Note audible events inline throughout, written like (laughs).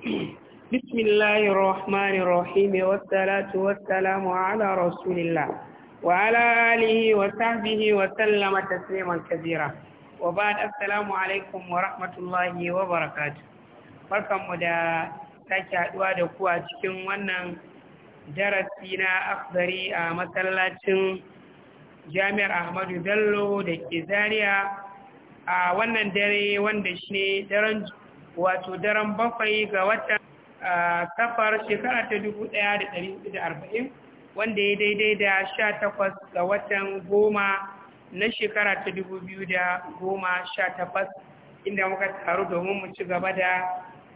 (clears throat) bismillahirrahmanirrahim wa salatu wa salamu ala rasulillah wa ala alihi wa sahbihi wa sallama tasliman kabira wa ba'd alaikum wa rahmatullahi wa barakatuh barkamu da sake haduwa da ku a cikin wannan darasi na akhbari a masallacin jami'ar ahmadu bello da ke zaria a wannan dare wanda shi ne daren wato daren bakwai ga watan kafar shekara ta 1440 wanda ya daidai da sha 18 ga watan goma na shekara ta 2018 inda muka taru domin mu ci gaba da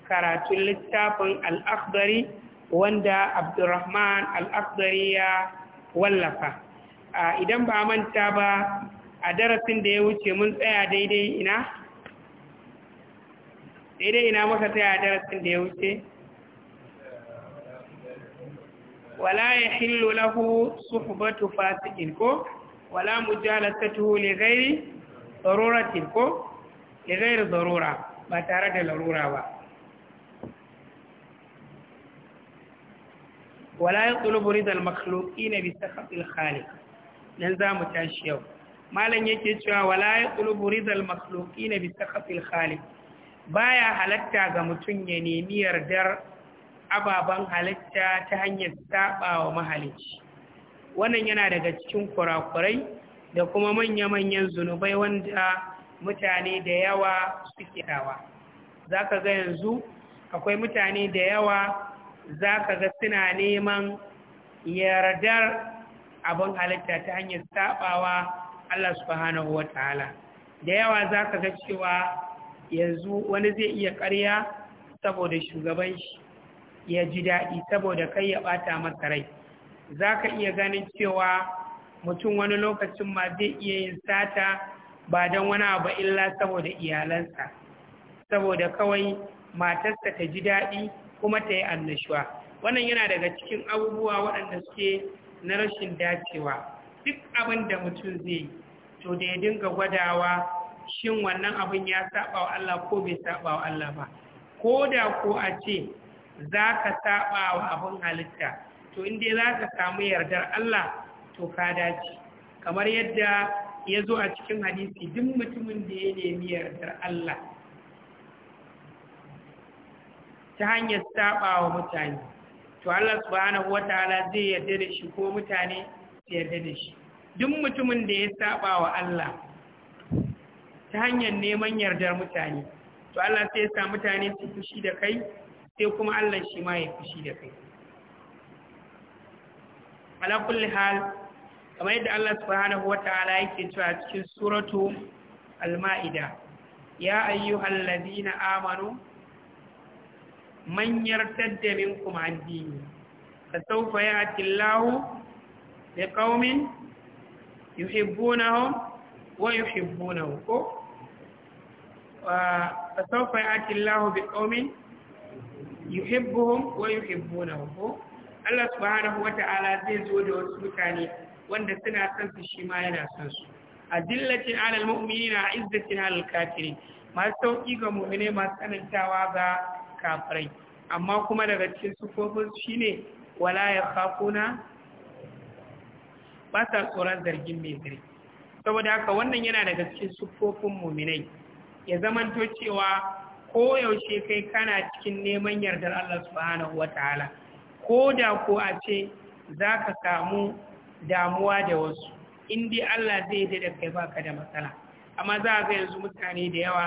karatun littafin al'akbari wanda abdurrahman al'akbari ya wallafa idan ba manta ba a darasin da ya wuce mun tsaya daidai ina daidai ina muka tsaya darasin da ya wuce wala ya hillu lahu suhbatu fasikin ko wala mujalasatuhu ko ba tare da larura ba wala yatlubu ridal makhluqina bi sakhatil khaliq nan za mu tashi yau malam yake cewa wala baya halatta ga mutum ya nemi yardar ababen halitta ta hanyar saba wa mahalicci wannan yana daga cikin kurakurai da kuma manya-manyan zunubai wanda mutane da yawa suke dawa za ka ga yanzu akwai mutane da yawa za ka ga suna neman yardar abin halitta ta hanyar sabawa Allah subhanahu wa ta'ala da yawa za ka ga cewa yanzu wani zai iya karya saboda shugaban shi ya ji daɗi saboda kai ya ɓata masa rai za ka iya ganin cewa mutum wani lokacin ma zai iya yin sata ba don wani abu illa saboda iyalansa saboda kawai matarsa ta ji daɗi kuma ta yi annashuwa wannan yana daga cikin abubuwa waɗanda suke na rashin dacewa duk abin da mutum zai to da ya dinga gwadawa shin wannan abin ya saba wa Allah ko bai saba wa Allah ba ko da ko a ce za ka saba wa abin halitta to inda za ka samu yardar Allah to ka dace kamar yadda ya zo a cikin hadisi duk mutumin da ya nemi yardar Allah ta hanyar saba wa mutane to Allah subhanahu ta'ala zai yarda da shi ko mutane su yarda da shi duk mutumin da ya saba wa Allah ta hanyar neman yardar mutane to Allah sai ya sa mutane su fushi da kai sai kuma Allah shi ma ya fushi da kai ala kulli hal kamar yadda Allah subhanahu wataala yake cewa cikin suratu al-ma'ida ya ayyuhal ladina amanu man yartadda minkum an dini fasawfa ya'ti Allahu biqaumin yuhibbunahum wa yuhibbunahu ko فسوف يأتي الله بقوم يحبهم wa الله Allah وتعالى زي zai zo da wasu mutane wanda suna son su shi ma yana son su adillatin alal mu'minina izzatin سنة kafirin masu أما ga نغتشن masu شيني ga يخافونا amma kuma daga cikin ba tsoron zargin mai zargi saboda haka wannan yana daga cikin sufofin mu'minai ya zamanto cewa koyaushe kai kana cikin neman yardar Allah subhanahu wa ta'ala ko da ko a ce za ka samu damuwa da wasu indi Allah zai da kai baka da matsala amma za a ga yanzu mutane da yawa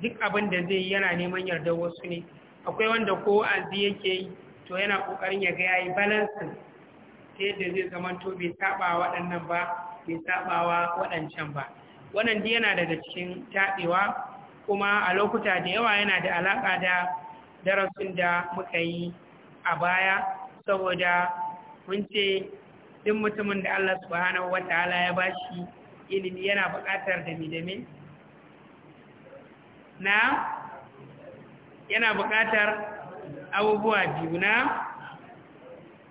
duk abin da zai yi yana neman yardar wasu ne akwai wanda ko azi yake yi to yana kokarin ya ga yayi balansin ta yadda zai zamanto bai saba waɗannan ba bai saba wa waɗancan ba wannan dai yana daga cikin taɓewa kuma a lokuta da yawa yana da alaƙa da darasin da muka yi a baya saboda mun ce duk mutumin da Allah subhanahu wataala ya bashi ilimi yana buƙatar dami-dami na yana buƙatar abubuwa biyu na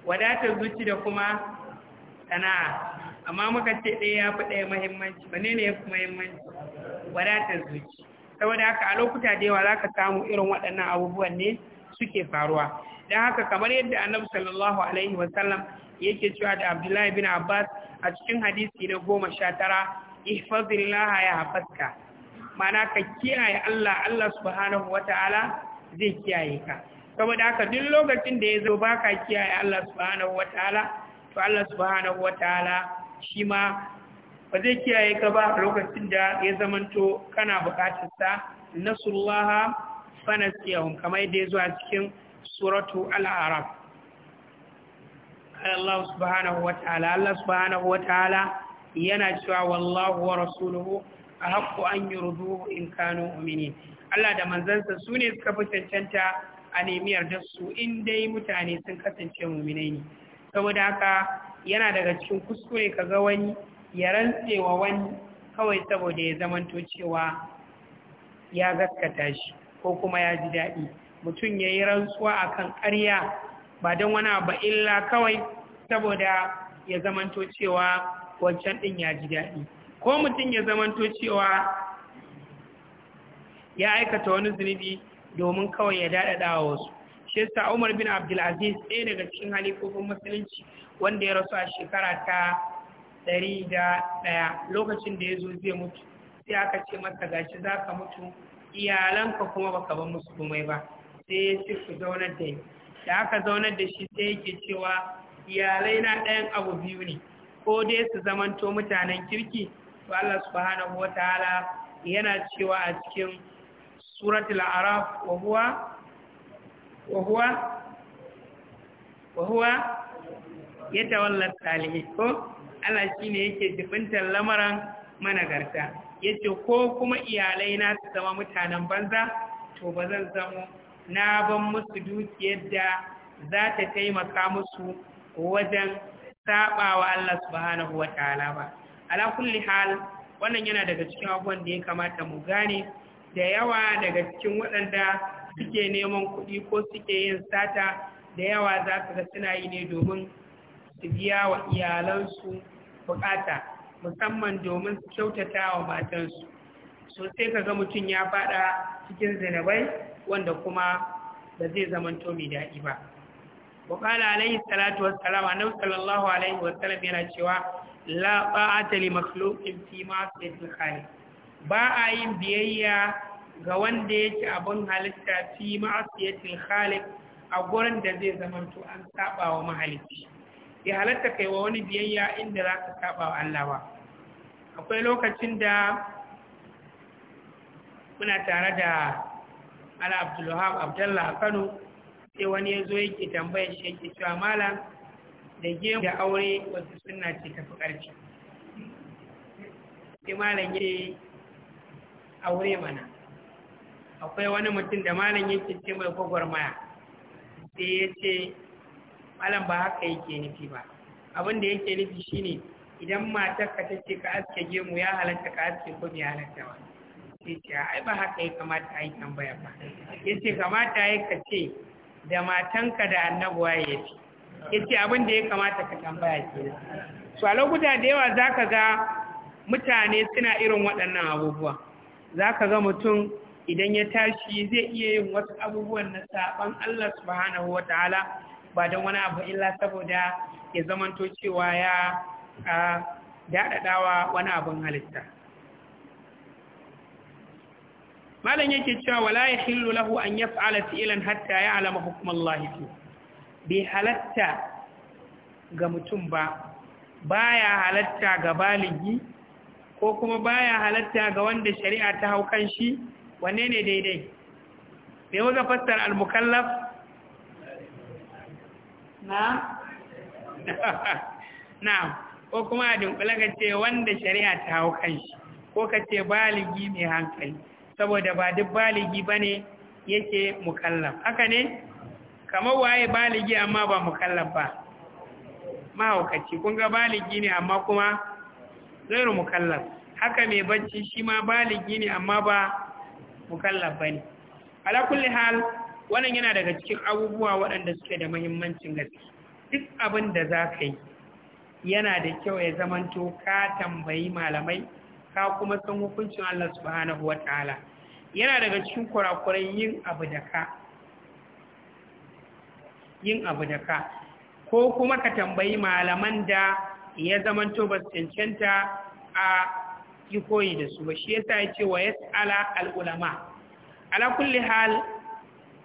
wadatar zuci da kuma sana'a amma muka ce ɗaya ya fi ɗaya mahimmanci ba ne ya fi mahimmanci wadatar zuci saboda haka a lokuta da yawa za ka samu irin waɗannan abubuwan ne suke faruwa don haka kamar yadda annabi sallallahu alaihi wasallam yake cewa da abdullahi bin abbas a cikin hadisi na goma sha tara ihfazillaha ya hafaska mana ka kiyaye allah allah subhanahu wataala zai kiyaye ka saboda haka duk lokacin da ya zo baka kiyaye allah subhanahu wataala to allah subhanahu wataala shi ma ba zai kiyaye ka ba lokacin da ya zamanto kana bukatarsa nasullaha fanasiyahum kamar yadda ya zuwa cikin suratu al'arab Allah subhanahu wa ta'ala Allah subhanahu wa ta'ala yana cewa wallahu wa rasuluhu a haƙƙo an yi in kanu umini Allah da manzansa su ne suka fi cancanta a nemi yardar su in dai mutane sun kasance muminai ne saboda haka yana daga cikin kuskure ka ga wani ya rantsewa wani kawai saboda ya zama cewa ya gaskata shi ko kuma ya ji daɗi mutum ya yi rantsuwa a kan ƙarya ba don wani abu illa kawai saboda ya zama cewa wancan ɗin ya ji daɗi ko mutum ya zama cewa ya aikata wani zunubi domin kawai ya daɗaɗa wasu shi Umar bin Abdulaziz ɗaya daga cikin halifofin musulunci wanda ya rasu a shekara ta ɗari da ɗaya lokacin da ya zo zai mutu sai aka ce masa gashi za ka mutu iyalanka kuma baka bar musu komai ba sai ya ce ku zaunar da ni da aka zaunar da shi sai yake cewa iyalai na ɗayan abu biyu ne ko dai su zamanto mutanen kirki to Allah subhanahu wataala yana cewa a cikin suratul araf wa huwa وهو وهو yatawallar salihi ko Allah shine yake dubintar lamaran managarta yace ko kuma iyalai na su zama mutanen banza to ba zan zamo na ban musu dukiyar da za ta taimaka musu wajen saɓawa Allah subhanahu wataala ba ala kulli hal wannan yana daga cikin abubuwan da ya kamata mu gane da yawa daga cikin waɗanda suke neman kuɗi ko suke yin sata da yawa za su ga suna yi ne domin su biya wa iyalansu bukata musamman domin su kyautata wa matansu Sosai sai ka ga mutum ya fada cikin zinabai wanda kuma ba zai zamanto mai daɗi ba bukala alaihi salatu wassalam annabi sallallahu alaihi wasallam yana cewa la ba'ata li makhluqin fi ma'siyatil khaliq ba a yin biyayya ga wanda yake abin halitta fi ma'asiyatil khaliq a gurin da zai zamanta an saba wa mahalicci ya halatta kai wa wani biyayya inda za ka saba wa Allah ba akwai lokacin da muna tare da ala abdulwahab abdullah kano sai wani ya zo yake tambayar shi yake cewa malam da gemu da aure wasu sunna ce tafi ƙarfi sai malam ya aure mana akwai wani mutum da malam yake ce mai gwagwarmaya sai ya ce malam ba haka yake nufi ba abin da yake nufi shine idan matar ka ce ka aske gemu ya halatta ka aske ko bai halatta ba sai ce ai ba haka ya kamata a yi tambaya ba ya ce kamata ya ka ce da matanka da annabuwa ya fi ya ce abin da ya kamata ka tambaya ke so a lokuta da yawa za ka ga mutane suna irin waɗannan abubuwa za ka ga mutum idan ya tashi zai iya yin wasu abubuwan na saban Allah subhanahu wa ta'ala ba don wani abu illa saboda ya zamanto cewa ya daɗaɗawa wani abin halitta. Malam yake cewa wala ya hillu lahu an ya fa'ala fi'ilan hatta ya alama hukumar lahifi, bai halatta ga mutum ba, baya halatta ga baligi ko kuma baya halatta ga wanda shari'a ta hau kan shi wanne ne daidai bai wuza fassar al-mukallaf na (laughs) na ko kuma a dunkula ka ce wanda shari'a ta hau kanshi ko ka ce baligi mai hankali saboda ba duk baligi ba ne yake mukallaf haka ne kamar waye baligi amma ba mukallaf ba mahaukaci kun ga baligi ne amma kuma zai mukallaf haka mai bacci shi ma baligi ne amma ba mukallaf bane ala kulli hal wannan yana daga cikin abubuwa waɗanda suke da muhimmancin gaske duk abin da za ka yi yana da kyau ya zamanto ka tambayi malamai ka kuma san hukuncin Allah subhanahu wataala yana daga cikin kurakuran yin abu da ka yin abu da ka ko kuma ka tambayi malaman da ya zamanto ba cancanta a yi koyi da su ba shi ya sa ya ce wa yas'ala al-ulama ala kulli hal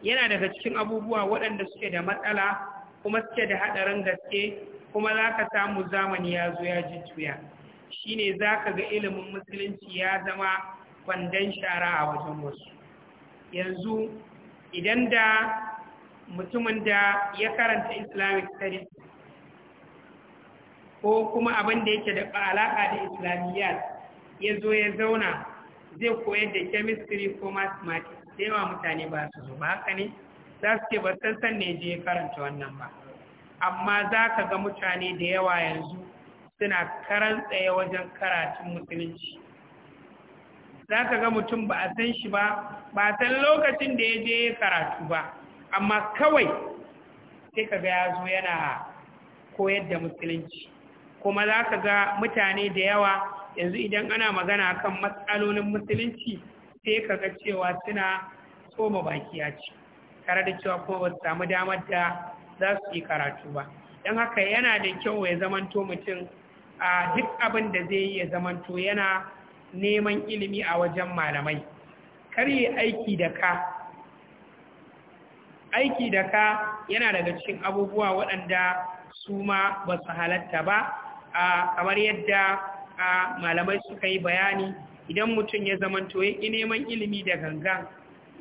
yana daga cikin abubuwa waɗanda suke da matsala kuma suke da haɗarin gaske kuma za ka samu zamani ya zo ya ji tuya. shi ne za ka ga ilimin musulunci ya zama kwandon shara a wajen wasu yanzu idan da mutumin da ya karanta islamic studies ko kuma abin da yake da alaƙa da islamiyyar ya zo ya zauna zai koyar da chemistry ko mathematics da yawa mutane ba su zo ba haka ne za su ce ba san san ne je karanta wannan ba amma za ka ga mutane da yawa yanzu suna karan tsaye wajen karatun musulunci za ka ga mutum ba a san shi ba ba san lokacin da ya je karatu ba amma kawai sai ka ga ya zo yana koyar da musulunci kuma za ka ga mutane da yawa yanzu idan ana magana kan matsalolin musulunci sai ka ga cewa suna tsoma baki ce, ci tare da cewa kuma ba su samu damar da za su yi karatu ba don haka yana da kyau ya zamanto mutum a duk abin da zai yi ya zamanto yana neman ilimi a wajen malamai karye aiki da ka aiki da ka yana daga cikin abubuwa waɗanda su ma ba su halatta ba kamar yadda malamai suka yi bayani idan mutum ya zamanto ya neman ilimi da ganga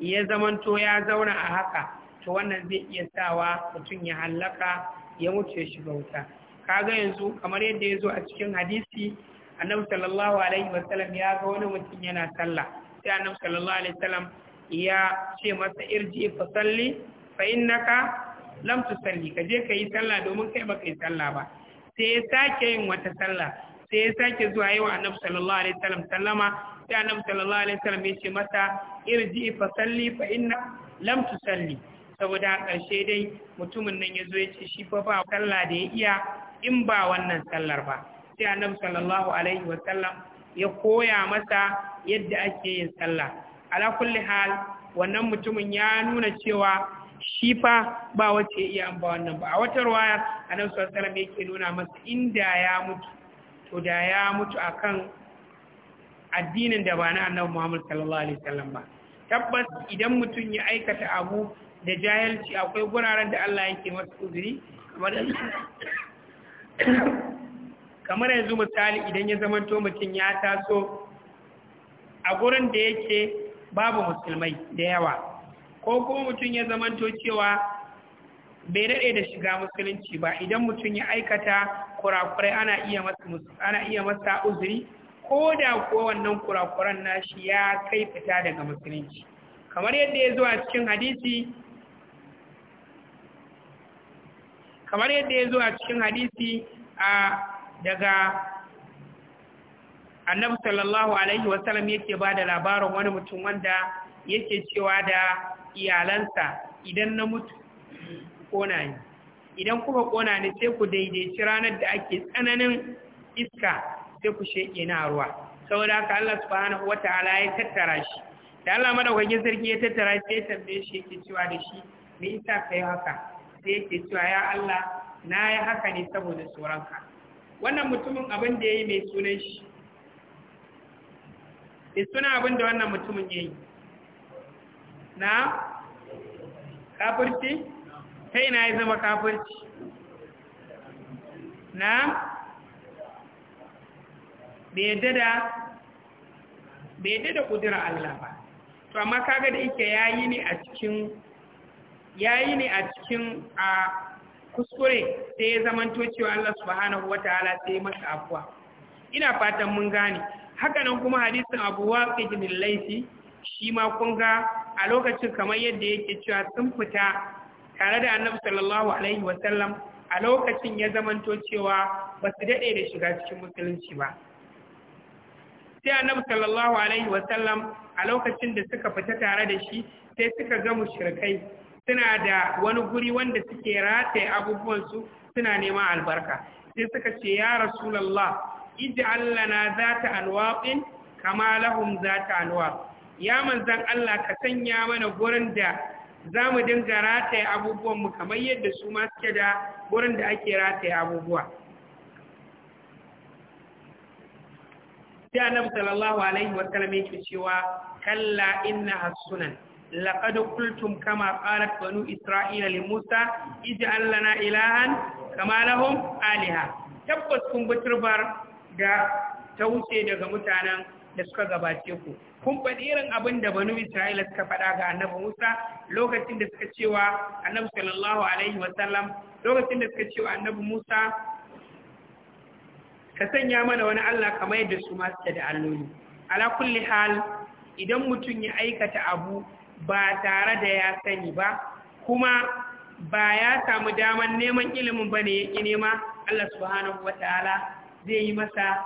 ya zamanto ya zauna a haka to wannan zai iya sawa mutum ya hallaka ya mutu ya shiga wuta kaga yanzu kamar yadda ya zo a cikin hadisi annabi sallallahu alaihi wasallam ya ga wani mutum yana sallah sai annabi sallallahu alaihi wasallam ya ce masa irji fa salli fa innaka lam tusalli ka je ka sallah domin kai baka yi sallah ba sai ya sake yin wata sallah sai ya sake zuwa yi wa annabi sallallahu alaihi wasallam sallama sai annabi sallallahu alaihi wasallam ya ce masa irji fa salli fa inna lam tusalli saboda a ƙarshe dai mutumin nan ya zo ya ce shi fa ba sallah da ya iya in ba wannan sallar ba sai annabi sallallahu alaihi wasallam ya koya masa yadda ake yin sallah ala kulli hal wannan mutumin ya nuna cewa shi fa ba wace iya an ba wannan ba a wata ruwaya annabi sallallahu alaihi wasallam yake nuna masa inda ya mutu to da ya mutu akan addinin da ba na annabi muhammadu sallallahu alaihi wasallam ba tabbas idan mutum ya aikata abu da jahilci akwai guraren da Allah yake masu uzuri (coughs) kamar yanzu misali idan ya to mutum ya taso a gurin da yake babu musulmai da yawa ko kuma mutum ya zamanto cewa bai daɗe da shiga musulunci ba idan mutum ya aikata kurakurai ana iya masa ana uzuri ko da kuwa wannan kurakuran nashi ya kai fita daga musulunci kamar yadda ya zo a cikin hadisi kamar yadda ya zo cikin hadisi a daga annabi sallallahu alaihi wasallam yake ba da labarin wani mutum wanda yake cewa da iyalansa idan na mutu kona ne, idan kuka kona ne sai ku daidaici ranar da ake tsananin iska sai ku sheke na ruwa saboda haka Allah subhanahu wataala ya tattara shi da Allah madaukakin sarki ya tattara shi ya tambaye shi yake cewa da shi me yasa kai haka sai yake cewa ya Allah na yi haka ne saboda tsoronka wannan mutumin abin da ya yi mai sunan shi da suna abin da wannan mutumin ya yi na kafirci ta na ya zama kafirci na bai yadda da ƙudurar Allah ba to amma kaga da ike yayi ne a cikin yayi ne a cikin a kuskure sai ya zamanto cewa Allah subhanahu ta'ala sai ya masa afuwa ina fatan mun gane haka nan kuma hadisin Abu Waqid bin laifi shi ma kun ga a lokacin kamar yadda yake cewa sun fita tare da annabi sallallahu alaihi wasallam a lokacin ya zamanto cewa ba su daɗe da shiga cikin musulunci ba sai annabi sallallahu alaihi wasallam a lokacin da suka fita tare da shi sai suka ga mushrikai suna da wani guri wanda suke rataye abubuwansu suna neman albarka sai suka ce ya rasulallah Allah na zata alwaqin kama lahum zata alwaq ya manzan Allah ka sanya mana gurin da za mu dinga rataye abubuwanmu kamar yadda su ma suke da wurin da ake rataye abubuwa sai sallallahu alaihi wa sallam yake cewa kalla inna sunan laqad qultum kama qalat banu isra'ila li musa ij'al lana ilahan kama lahum aliha tabbas kun buturbar da ta wuce daga mutanen da suka gabace ku kun faɗi irin abin da banu Isra'ila suka faɗa ga annabi Musa lokacin da suka cewa annabi sallallahu alaihi wa sallam lokacin da suka cewa annabi Musa ka sanya mana wani Allah kamar yadda su ma suke da alloli ala kulli hal idan mutum ya aikata abu ba tare da ya sani ba kuma ba ya samu daman neman ilimin ba ne ya nema Allah subhanahu wa ta'ala zai yi masa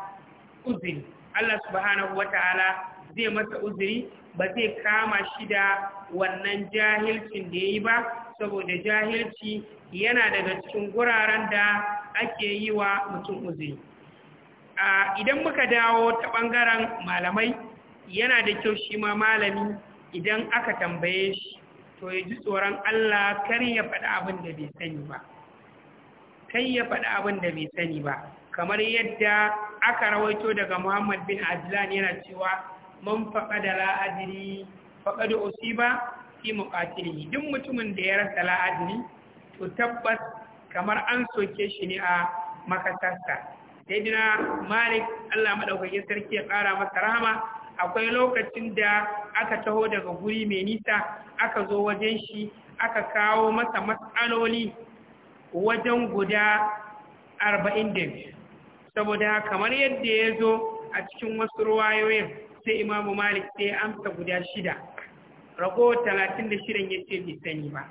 uzuri Allah subhanahu wa ta'ala zai masa uzuri ba zai kama shi da wannan jahilcin da ya yi ba saboda jahilci yana daga cikin guraren da ake yi wa mutum uzuri idan muka dawo ta ɓangaren malamai yana da kyau shi ma malami idan aka tambaye shi to ya ji tsoron Allah kar ya faɗi abin da bai sani ba kai ya faɗi abin da bai sani ba kamar yadda aka rawaito daga Muhammad bin Adlan yana cewa man da la'adiri adri faqad usiba fi muqatilihi duk mutumin da ya rasa la'adiri to tabbas kamar an soke shi ne a makasarsa dina malik Allah madaukakin sarki ya ƙara masa rahama akwai lokacin da aka taho daga guri mai nisa aka zo wajen shi aka kawo masa matsaloli wajen guda arba'in biyu, saboda kamar yadda ya zo a cikin wasu ruwayoyin sai imamu malik sai amsa guda shida Rago talatin da shirin ya ce sani ba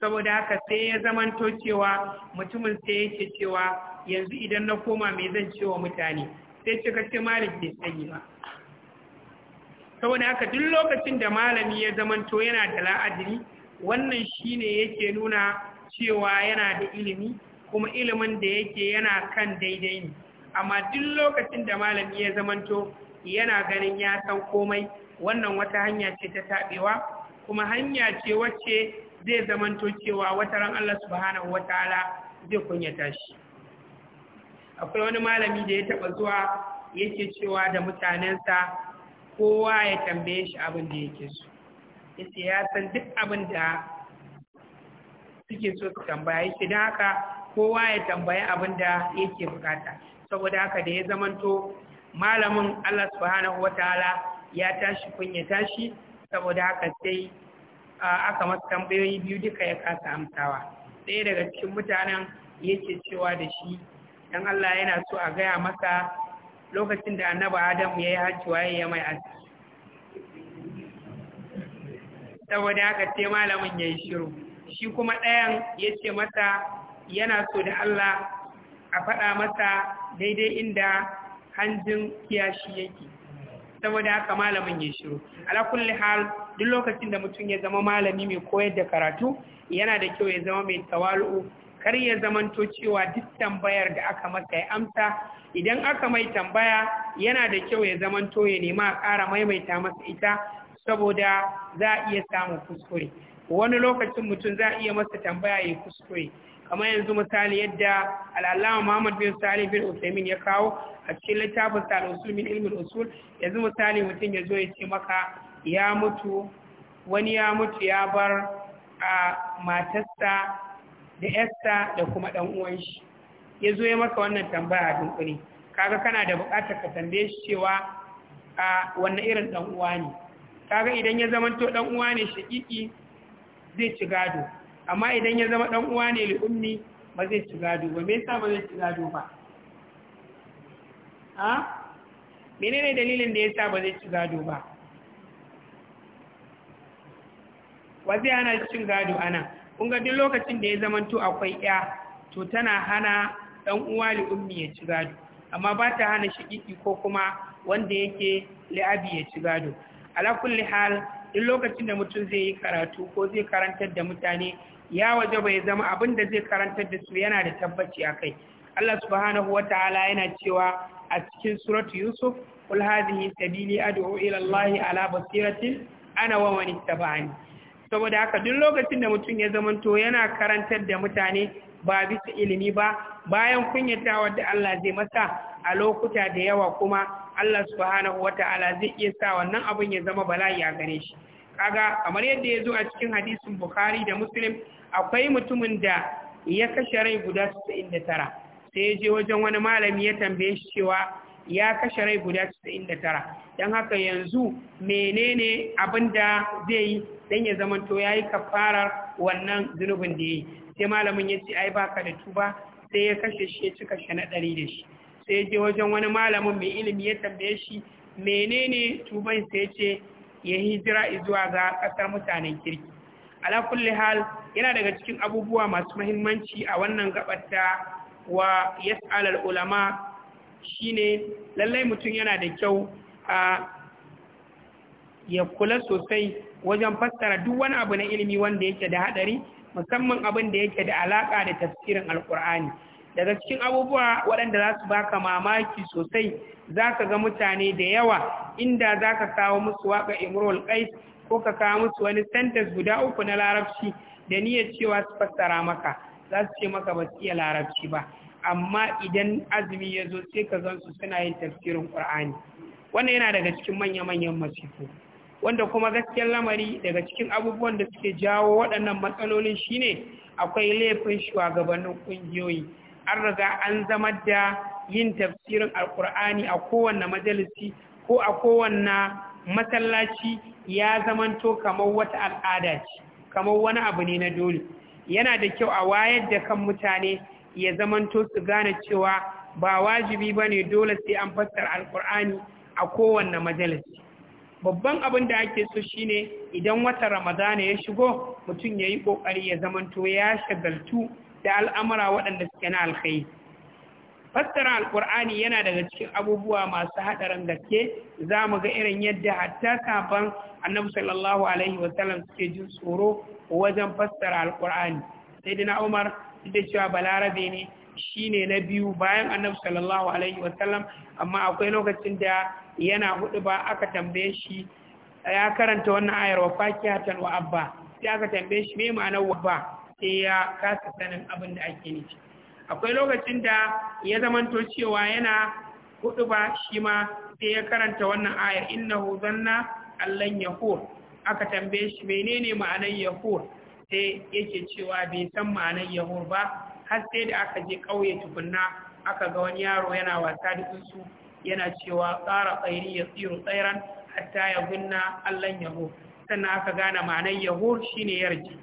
saboda haka sai ya zamanto cewa mutumin sai yake cewa yanzu idan na koma mai zan cewa mutane sai cika ce malik bai sani ba saboda haka duk lokacin da malami ya zamanto yana da la'adiri wannan shine yake nuna cewa yana da ilimi kuma ilimin da yake yana kan daidai ne amma duk lokacin da malami ya zamanto yana ganin ya san komai wannan wata hanya ce ta taɓewa kuma hanya ce wacce zai zamanto cewa wata ran Allah subhanahu wataala zai kunyata shi akwai wani malami da ya taɓa zuwa yake cewa da mutanensa kowa ya tambaye shi abin da yake so yace ya san duk abin da suke so su tambaya yace don haka kowa ya tambaye abin da yake bukata saboda haka da ya zamanto malamin Allah subhanahu wataala ya tashi ya tashi saboda haka sai aka masa tambayoyi biyu duka ya kasa amsawa ɗaya daga cikin mutanen yake cewa da shi dan Allah yana so a gaya masa lokacin da annabi Adamu ya yi hajji waye ya mai aski saboda haka sai malamin ya yi shiru shi kuma ɗayan ya ce masa yana so da Allah a faɗa masa daidai inda hanjin kiyashi yake saboda haka malamin ya shiru ala kulli hal duk lokacin da mutum ya zama malami mai koyar da karatu yana da kyau ya zama mai tawalu kar ya zamanto cewa duk tambayar da aka masa ya amsa idan aka mai tambaya yana da kyau ya zamanto ya nema a ƙara maimaita masa ita saboda za a iya samun kuskure wani lokacin mutum za a iya masa tambaya ya kuskure kamar yanzu misali yadda al'allama muhammad bin salih bin usaimin ya kawo a cikin littafin sa al'usul min ilmin usul yanzu misali mutum ya zo ya ce maka ya mutu wani ya mutu ya bar a matarsa da yarsa da kuma ɗan uwan shi ya zo ya maka wannan tambaya a dunkuri kaga kana da bukatar ka tambaye shi cewa a wannan irin dan uwa ne kaga idan ya zamanto dan uwa ne shaƙiƙi zai ci gado amma idan ya zama ɗan uwa ne li'ummi ba zai ci gado ba me yasa ba zai ci gado ba a menene dalilin da yasa ba zai ci gado ba wazi ana hana cin gado ana kun duk lokacin da ya zamanto akwai ya to tana hana ɗan uwa li'ummi ya ci gado amma ba ta hana shiƙiƙi ko kuma wanda yake li'abi ya ci gado ala kulli hal duk lokacin da mutum zai yi karatu ko zai karantar da mutane ya waje bai zama abin da zai karantar da su yana da tabbaci a kai Allah subhanahu Ta'ala yana cewa a cikin suratu Yusuf kul hadhihi sabili ad'u ila Allah ala basiratin ana wa man ittaba'ani saboda haka duk lokacin da mutum ya zama to yana karantar da mutane ba bisa ilimi ba bayan kunyatawa da Allah zai masa a lokuta da yawa kuma Allah subhanahu wata'ala zai iya sa wannan abin ya zama bala'i a gare shi kaga kamar yadda ya zo a cikin hadisin Bukhari da Muslim akwai mutumin da ya kashe rai guda 99 sai ya je wajen wani malami ya tambaye shi cewa ya kashe rai guda 99 dan haka yanzu menene abin da zai yi dan ya zamanto ya yi kafarar wannan zunubin da ya yi sai malamin ya ce ai baka da tuba sai ya kashe shi ya cika shi na ɗari da shi sai je wajen wani malamin mai ilimi ya tambaye shi menene tuban sai ce ya hijira zuwa ga kasar mutanen kirki ala kulli hal yana daga cikin abubuwa masu muhimmanci a wannan gabata wa yas'al ulama shine lallai mutum yana da kyau a ya kula sosai wajen fassara duk wani abu na ilimi wanda yake da hadari musamman abin da yake da alaka da tafsirin alkur'ani daga cikin abubuwa waɗanda za su baka mamaki sosai za ka ga mutane da yawa inda za ka kawo musu waka imrol kai ko ka kawo musu wani sentence guda uku na larabci da niyyar cewa su fassara maka za su ce maka ba su iya larabci ba amma idan azumi ya zo sai ka zan su suna yin tafsirin qur'ani wannan yana daga cikin manya-manyan masifu wanda kuma gaskiyar lamari daga cikin abubuwan da suke jawo waɗannan matsalolin shine akwai laifin shugabannin ƙungiyoyi an riga an zama da yin tafsirin alkur'ani a kowane majalisi ko a kowanne masallaci ya zamanto kamar wata al'ada ce kamar wani abu ne na dole yana da kyau a wayar da kan mutane ya zamanto su gane cewa ba wajibi ba ne dole sai an fassara alkur'ani a kowanne majalisi babban abin da ake so shine idan wata ramadana ya shigo mutum ya yi ƙoƙari ya zamanto ya shagaltu da al'amura waɗanda suke na alkhai. fassara alkur'ani yana daga cikin abubuwa masu haɗarin gaske za mu ga irin yadda hatta kafan annabu sallallahu alaihi wasallam suke jin tsoro wajen fassara alkur'ani sai dina umar da cewa balarabe ne shi ne na biyu bayan annabu sallallahu alaihi wasallam amma akwai lokacin da yana hudu ba aka tambaye shi ya karanta wannan ayar wa fakihatan wa abba sai aka tambaye shi ne ma'anar wa ba sai ya kasa sanin abin da ake nufi akwai lokacin da ya zamanto cewa yana hudu ba shi ma sai ya karanta wannan ayar innahu zanna allan yahur aka tambaye shi menene ma'anar yahur sai yake cewa bai san ma'anar yahur ba har sai da aka je ƙauye tukunna aka ga wani yaro yana wasa da tsuntsu yana cewa tsara tsairi ya tsiro tsairan hatta ya gunna allan yahur sannan aka gane ma'anar yahur shine yarji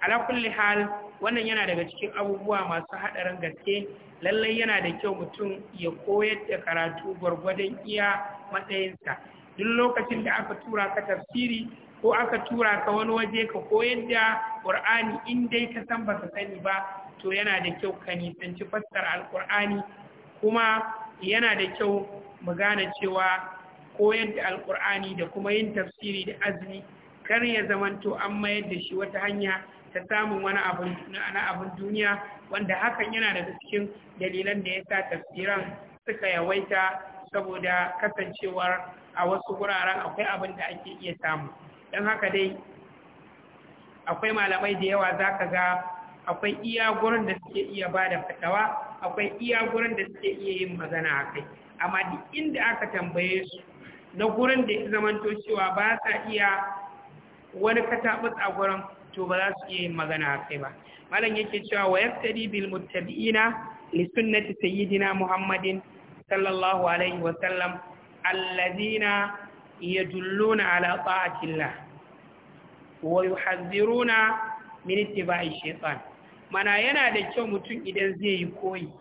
ala kulli hal wannan yana daga cikin abubuwa masu haɗarin gaske lallai yana da kyau mutum ya koyar da karatu gwargwadon iya matsayinsa duk lokacin da aka tura ka tafsiri ko aka tura ka wani waje ka koyar da qurani in dai ka san baka sani ba to yana da kyau ka nisanci fassara Al-Qur'ani, kuma yana da kyau mu gane cewa koyar da Al-Qur'ani da kuma yin tafsiri da azumi kar ya zamanto an mayar da shi wata hanya ta samun wani abin duniya wanda hakan yana da cikin dalilan da ya sa tafsiran suka yawaita saboda kasancewar a wasu wuraren akwai abin da ake iya samu don haka dai akwai malamai da yawa za ka ga akwai iya gurin da suke iya ba da fatawa akwai iya gurin da suke iya yin magana a amma duk inda aka tambaye su na gurin da ya zamanto cewa ba sa iya wani katabus a gurin to ba za su iya yin magana a kai ba malam yake cewa wa yaftadi bil muttabi'ina li sunnati sayyidina muhammadin sallallahu alaihi wa sallam alladhina yadulluna ala ta'atillah wa yuhadhiruna min ittiba'i shaytan mana yana da kyau mutum idan zai yi koyi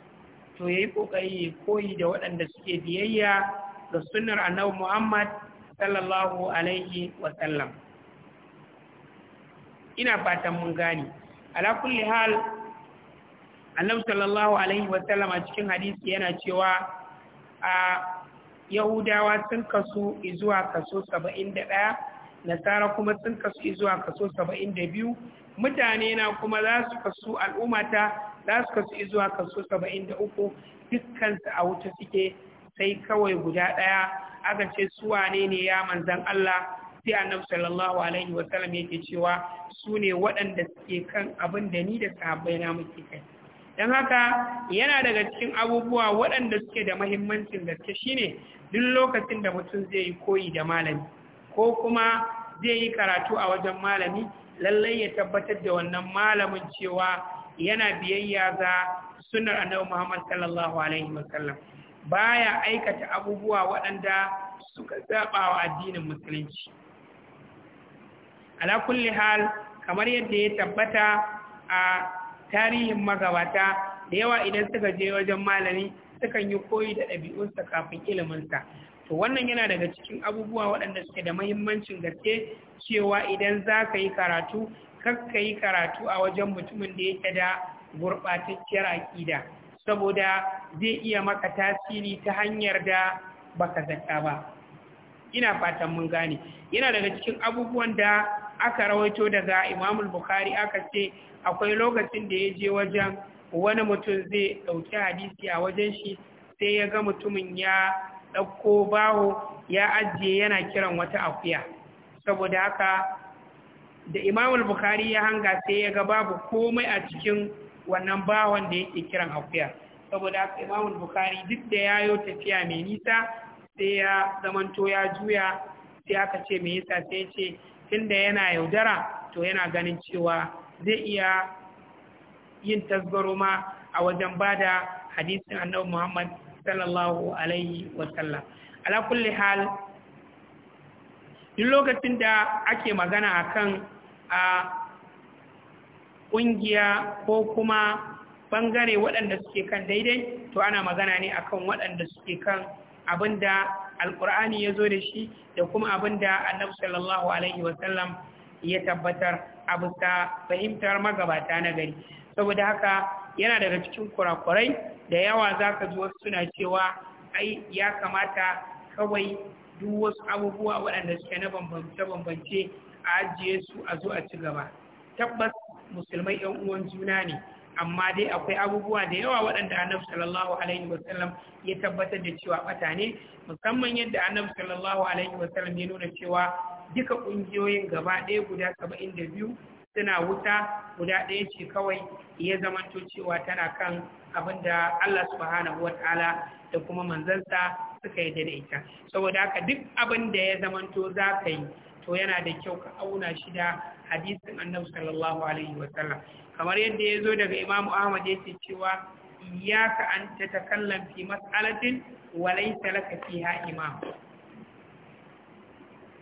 to yayi kokari ya koyi da waɗanda suke biyayya ga sunnar annabi muhammad sallallahu alaihi wa sallam ina fatan mun gani ala kulli hal annabi sallallahu alaihi sallam a cikin hadisi yana cewa a yahudawa sun kasu zuwa kaso 71 nasara kuma sun kasu zuwa kaso 72 mutane na kuma za su kasu al'ummata za su kasu zuwa kaso 73 su a wuta suke sai kawai guda ɗaya aka ce su wane ne ya manzan Allah sai annabi sallallahu alaihi sallam yake cewa su ne waɗanda suke kan abin da ni da sahabbai na muke kai don haka yana daga cikin abubuwa waɗanda suke da mahimmancin gaske shine duk lokacin da mutum zai yi koyi da malami ko kuma zai yi karatu a wajen malami lallai ya tabbatar da wannan malamin cewa yana biyayya ga sunar annabi Muhammad sallallahu alaihi wasallam baya aikata abubuwa waɗanda suka saba wa addinin musulunci ala kulli hal kamar yadda ya tabbata a tarihin magabata da yawa idan suka je wajen malami sukan yi koyi da ɗabi'unsa kafin iliminsa to wannan yana daga cikin abubuwa waɗanda suke da mahimmancin gaske cewa idan za ka yi karatu kakka yi karatu a wajen mutumin da yake da gurɓatacciyar aƙida saboda zai iya maka tasiri ta hanyar da baka zata ba ina fatan mun gane yana daga cikin abubuwan da aka rawaito daga imam al bukhari aka ce akwai lokacin da ya je wajen wani mutum zai ɗauki hadisi a wajen shi sai ya ga mutumin ya dauko baho ya ajiye yana kiran wata akuya saboda haka da imam al bukhari ya hanga sai ya ga babu komai a cikin wannan bahon da yake kiran akuya saboda haka imam bukhari duk da yayo tafiya mai nisa sai ya zamanto ya juya sai aka ce me yasa sai ce tunda yana yaudara to yana ganin cewa zai iya yin tasgaro ma a wajen bada hadisin annabi Muhammad sallallahu alaihi wasallam ala kulli hal duk lokacin da ake magana akan a kungiya ko kuma bangare waɗanda suke kan daidai to ana magana ne akan waɗanda suke kan abinda alkur'ani ya zo da shi da kuma abinda annabi sallallahu alaihi wasallam ya tabbatar a bisa fahimtar magabata na gari saboda haka yana daga cikin kurakurai da yawa za ka ji wasu suna cewa ai ya kamata kawai duk wasu abubuwa waɗanda suke na bambance-bambance a ajiye su a zo a ci gaba tabbas musulmai 'yan uwan juna ne amma dai akwai abubuwa da yawa waɗanda annabi sallallahu alaihi wasallam ya tabbatar da cewa bata ne musamman yadda annabi sallallahu alaihi wasallam ya nuna cewa duka ƙungiyoyin gaba ɗaya guda saba'in biyu suna wuta guda ɗaya ce kawai ya zamanto cewa tana kan abinda Allah subhanahu wa ta'ala da kuma manzansa suka yi da ita saboda haka duk abin da ya zamanto za ka yi to yana da kyau ka auna shi da hadisin annabi sallallahu alaihi sallam kamar yadda ya zo daga imamu ahmad yace cewa ya an tatakallam fi mas'alatin wa laysa laka fiha imam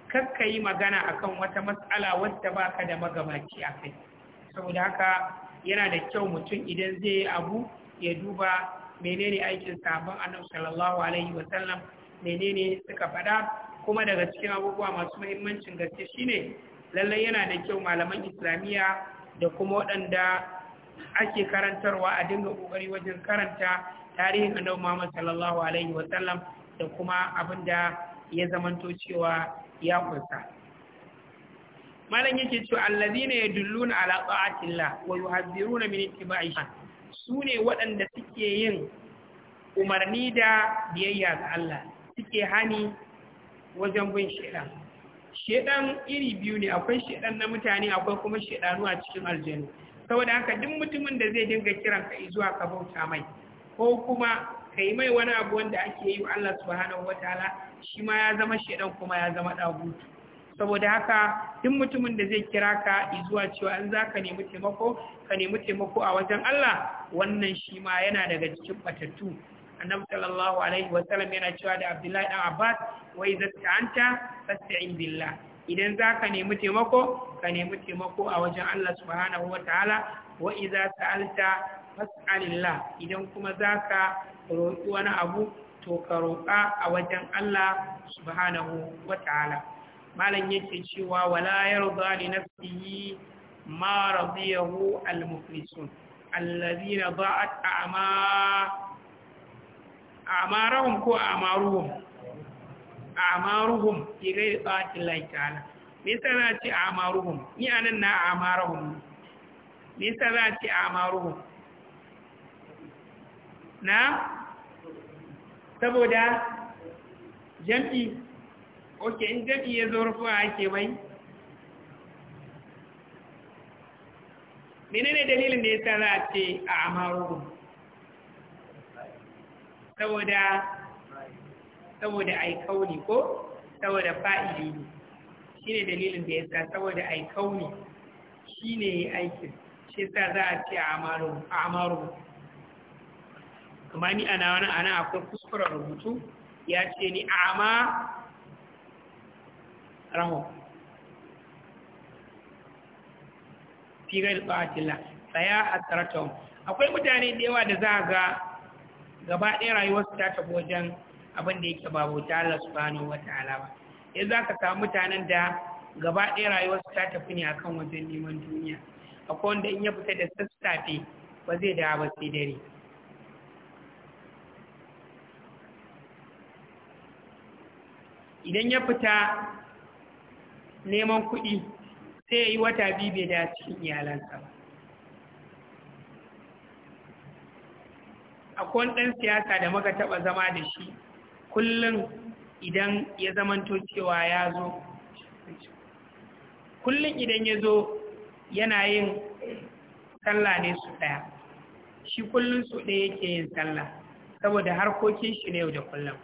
kakka yi magana akan wata mas'ala wadda ka da magabaci akai saboda haka yana da kyau mutum idan zai yi abu ya duba menene aikin sabon annabi sallallahu alaihi sallam menene suka faɗa kuma daga cikin abubuwa masu muhimmancin gaske shine lallai yana da kyau malaman islamiyya da kuma waɗanda ake karantarwa a dinga ƙoƙari wajen karanta tarihin annabi Muhammad sallallahu alaihi wasallam da kuma abin da ya zamanto cewa ya kunsa malam yake cewa allazina yadulluna ala ta'atillah wa yuhadhiruna min ittiba'i sune waɗanda suke yin umarni da biyayya ga Allah suke hani wajen bin shaitan shedan iri biyu ne akwai shedan na mutane akwai kuma shedanu a cikin aljanu saboda haka duk mutumin da zai dinga kiran ka zuwa ka bauta mai ko kuma ka mai wani abu wanda ake yi wa Allah subhanahu wataala shi ma ya zama shedan kuma ya zama dagu saboda haka duk mutumin da zai kira ka zuwa cewa an za ka nemi taimako ka nemi taimako a wajen Allah wannan shi ma yana daga cikin batattu annabi sallallahu alaihi wa sallam yana cewa da abdullahi dan abbas wa idza ta'anta fasta'in billah idan zaka nemi taimako ka nemi taimako a wajen Allah subhanahu wa ta'ala wa idza sa'alta fas'alillah idan kuma zaka roƙi wani abu to ka roƙa a wajen Allah subhanahu wa ta'ala malam yake cewa wala yarda li nafsihi ma radiyahu al-muflisun alladhina da'at a'ma amarahum ko amaruhum amaruhum fi ghairi ta'ati Allah ta'ala me yasa za a amaruhum ni anan na amarahum me yasa za a amaruhum na saboda jam'i ok in jam'i ya zo a ake bai menene dalilin da yasa za a ce a amaruhum saboda saboda ai kauni ko saboda fa'ili ne shine dalilin da yasa saboda ai kauni shine aikin shi yasa za a ce amaru amaru kuma ni ana wani ana akwai kuskuren rubutu ya ce ni ama rahu figar ba'atilla tsaya a tsaraton akwai mutane da yawa da za a ga gaba ɗaya rayuwarsu ta tafi wajen abin da yake babu ta Allah subhanahu wa ta'ala ba yanzu za ka samu mutanen da gaba ɗaya rayuwarsu ta tafi ne a kan wajen neman duniya akwai wanda in ya fita da sassafe ba zai da ba sai dare idan ya fita neman kuɗi sai ya yi wata biyu bai da cikin iyalansa ba akwai ɗan siyasa da muka taɓa zama da shi kullum idan ya zamanto cewa ya zo kullum idan ya zo yana yin sallah ne su ɗaya shi kullum su ɗaya yake yin sallah saboda harkokin shi ne yau da kullum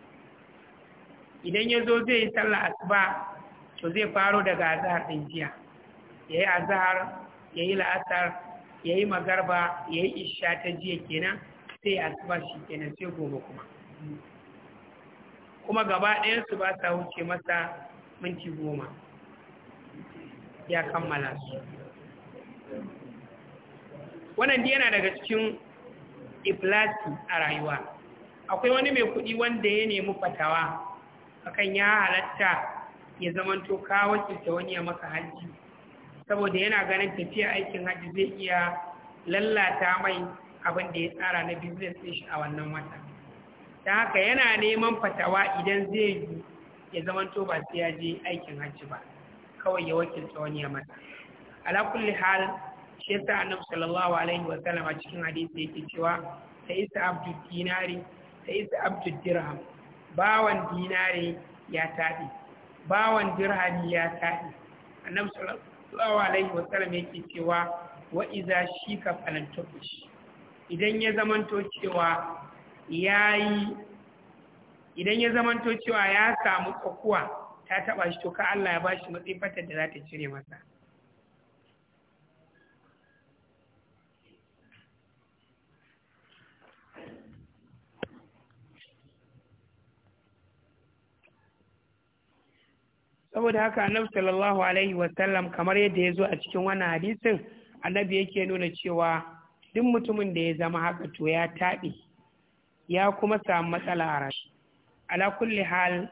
idan ya zo zai yi sallah asuba to zai faro daga azahar ɗin jiya ya yi azahar ya yi la'asar ya yi magarba ya yi isha ta jiya kenan sai asuba shi kenan sai gobe kuma kuma gaba ɗayansu ba sa wuce masa minti goma ya kammala su wannan yana daga cikin iflasi a rayuwa akwai wani mai kuɗi wanda ya nemi fatawa akan ya halatta ya zamanto kawo ta wani ya maka hajji saboda yana ganin tafiya aikin hajji zai iya lallata mai abin da ya tsara na business ɗin shi a wannan wata ta haka yana neman fatawa idan zai yi ya zama to ba sai ya je aikin hajji ba kawai ya wakilta wani ya mata ala kulli hal shi yasa annabi sallallahu alaihi wa sallam a cikin hadisi yake cewa ta isa abdu dinari ta isa abdu dirham bawan dinari ya taɗi bawan dirhami ya taɗi annabi sallallahu alaihi wa sallam yake cewa wa iza shika falan tufish idan ya zamanto cewa ya yi idan ya zamanto cewa ya samu kokuwa ta taba shi to ka Allah ya bashi matsifatar da za ta cire masa saboda haka annabi sallallahu alaihi wasallam kamar yadda ya zo a cikin wannan hadisin annabi yake nuna cewa duk mutumin da ya zama haka to ya taɓe ya kuma samu matsala a rashi ala kulli hal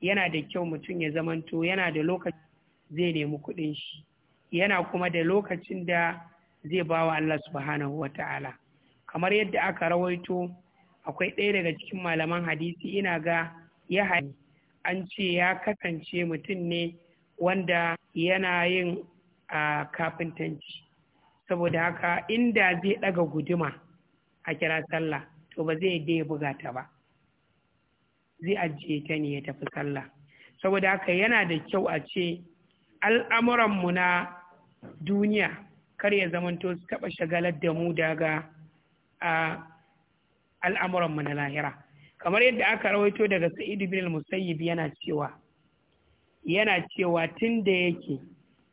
yana da kyau mutum ya zamanto yana da lokacin zai nemi kuɗin shi yana kuma da lokacin da zai ba wa Allah subhanahu wa ta'ala kamar yadda aka rawaito akwai ɗaya daga cikin malaman hadisi ina ga ya hani an ce ya kasance mutum ne wanda yana yin a kafintanci saboda haka inda zai ɗaga guduma a kira sallah to ba zai da buga ta ba zai ajiye ta ne ya tafi sallah saboda haka yana da kyau a ce al'amuranmu na duniya kar ya zamanto su taɓa shagalar da mu daga a al'amuranmu na lahira kamar yadda aka rawaito daga sa'idu bin musayyib yana cewa yana cewa tun da yake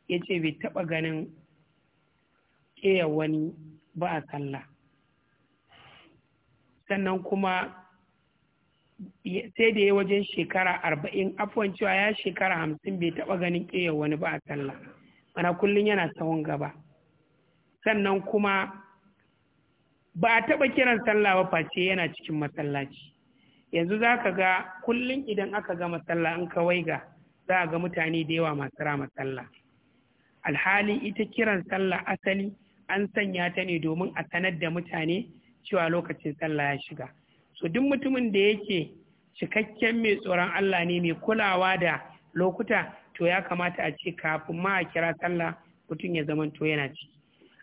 yace bai taɓa ganin ƙeya wani ba a sallah sannan kuma sai da ya wajen shekara arba'in afuwan cewa ya shekara hamsin bai taba ganin ƙeya wani ba a sallah mana kullum yana tsawon gaba sannan kuma ba a taɓa kiran sallah ba face yana cikin masallaci yanzu za ka ga kullum idan aka ga masallah in kawai ga za a ga mutane da yawa masu ra sallah alhali ita kiran sallah asali an sanya ta ne domin a sanar da mutane cewa lokacin sallah ya shiga so duk mutumin da yake cikakken mai tsoron Allah ne mai kulawa da lokuta to ya kamata a ce kafin ma a kira sallah mutum ya zama to yana ciki.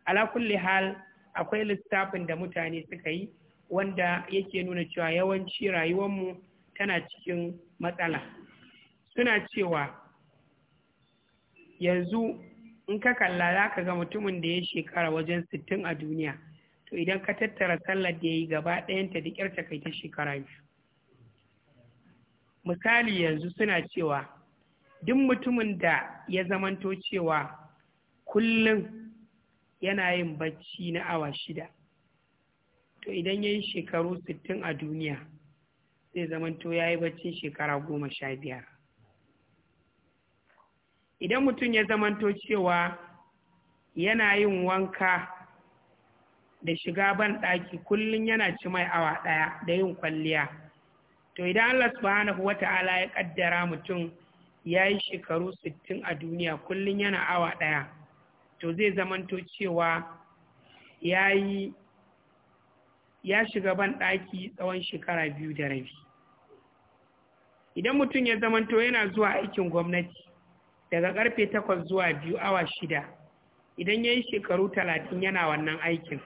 ala kulli hal akwai lissafin da mutane suka yi wanda yake nuna cewa yawanci rayuwarmu tana cikin matsala suna cewa yanzu in ka kalla za ka ga mutumin da ya shekara wajen sittin a duniya to idan ka tattara sallar da ya yi gaba ɗayanta da ƙyar ta kai ta shekara biyu misali yanzu suna cewa duk mutumin da ya zamanto cewa kullum yana yin bacci na awa shida to idan ya yi shekaru sittin a duniya zai zamanto ya yi baccin shekara goma sha biyar idan mutum ya zamanto cewa yana yin wanka da shiga ban ɗaki kullum yana ci mai awa ɗaya da yin kwalliya to idan Allah subhanahu wa ta'ala ya ƙaddara mutum ya yi shekaru sittin a duniya kullum yana awa ɗaya to zai zamanto cewa ya ya shiga ban ɗaki tsawon shekara biyu da rabi idan mutum ya zamanto yana zuwa aikin gwamnati daga karfe takwas zuwa biyu awa shida idan ya yi shekaru talatin yana wannan aikin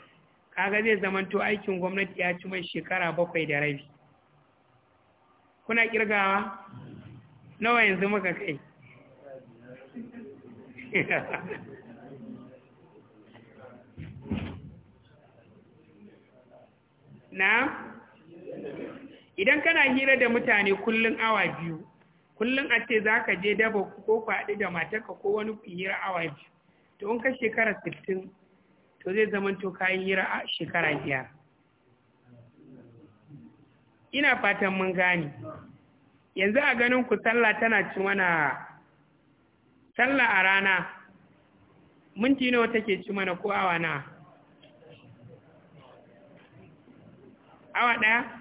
kaga zai zamanto aikin gwamnati ya ci mai shekara bakwai da rabi kuna kirgawa nawa yanzu muka kai (laughs) na idan kana hira da mutane kullum awa biyu kullum a ce za ka je daba ko faɗi da matarka ko wani hira awa biyu to in ka shekara sittin to zai zama to kayan hira a shekara biyar ina fatan mun gane yanzu a ganin ku sallah tana ci mana sallah a rana minti nawa take ci mana ko awa na awa ɗaya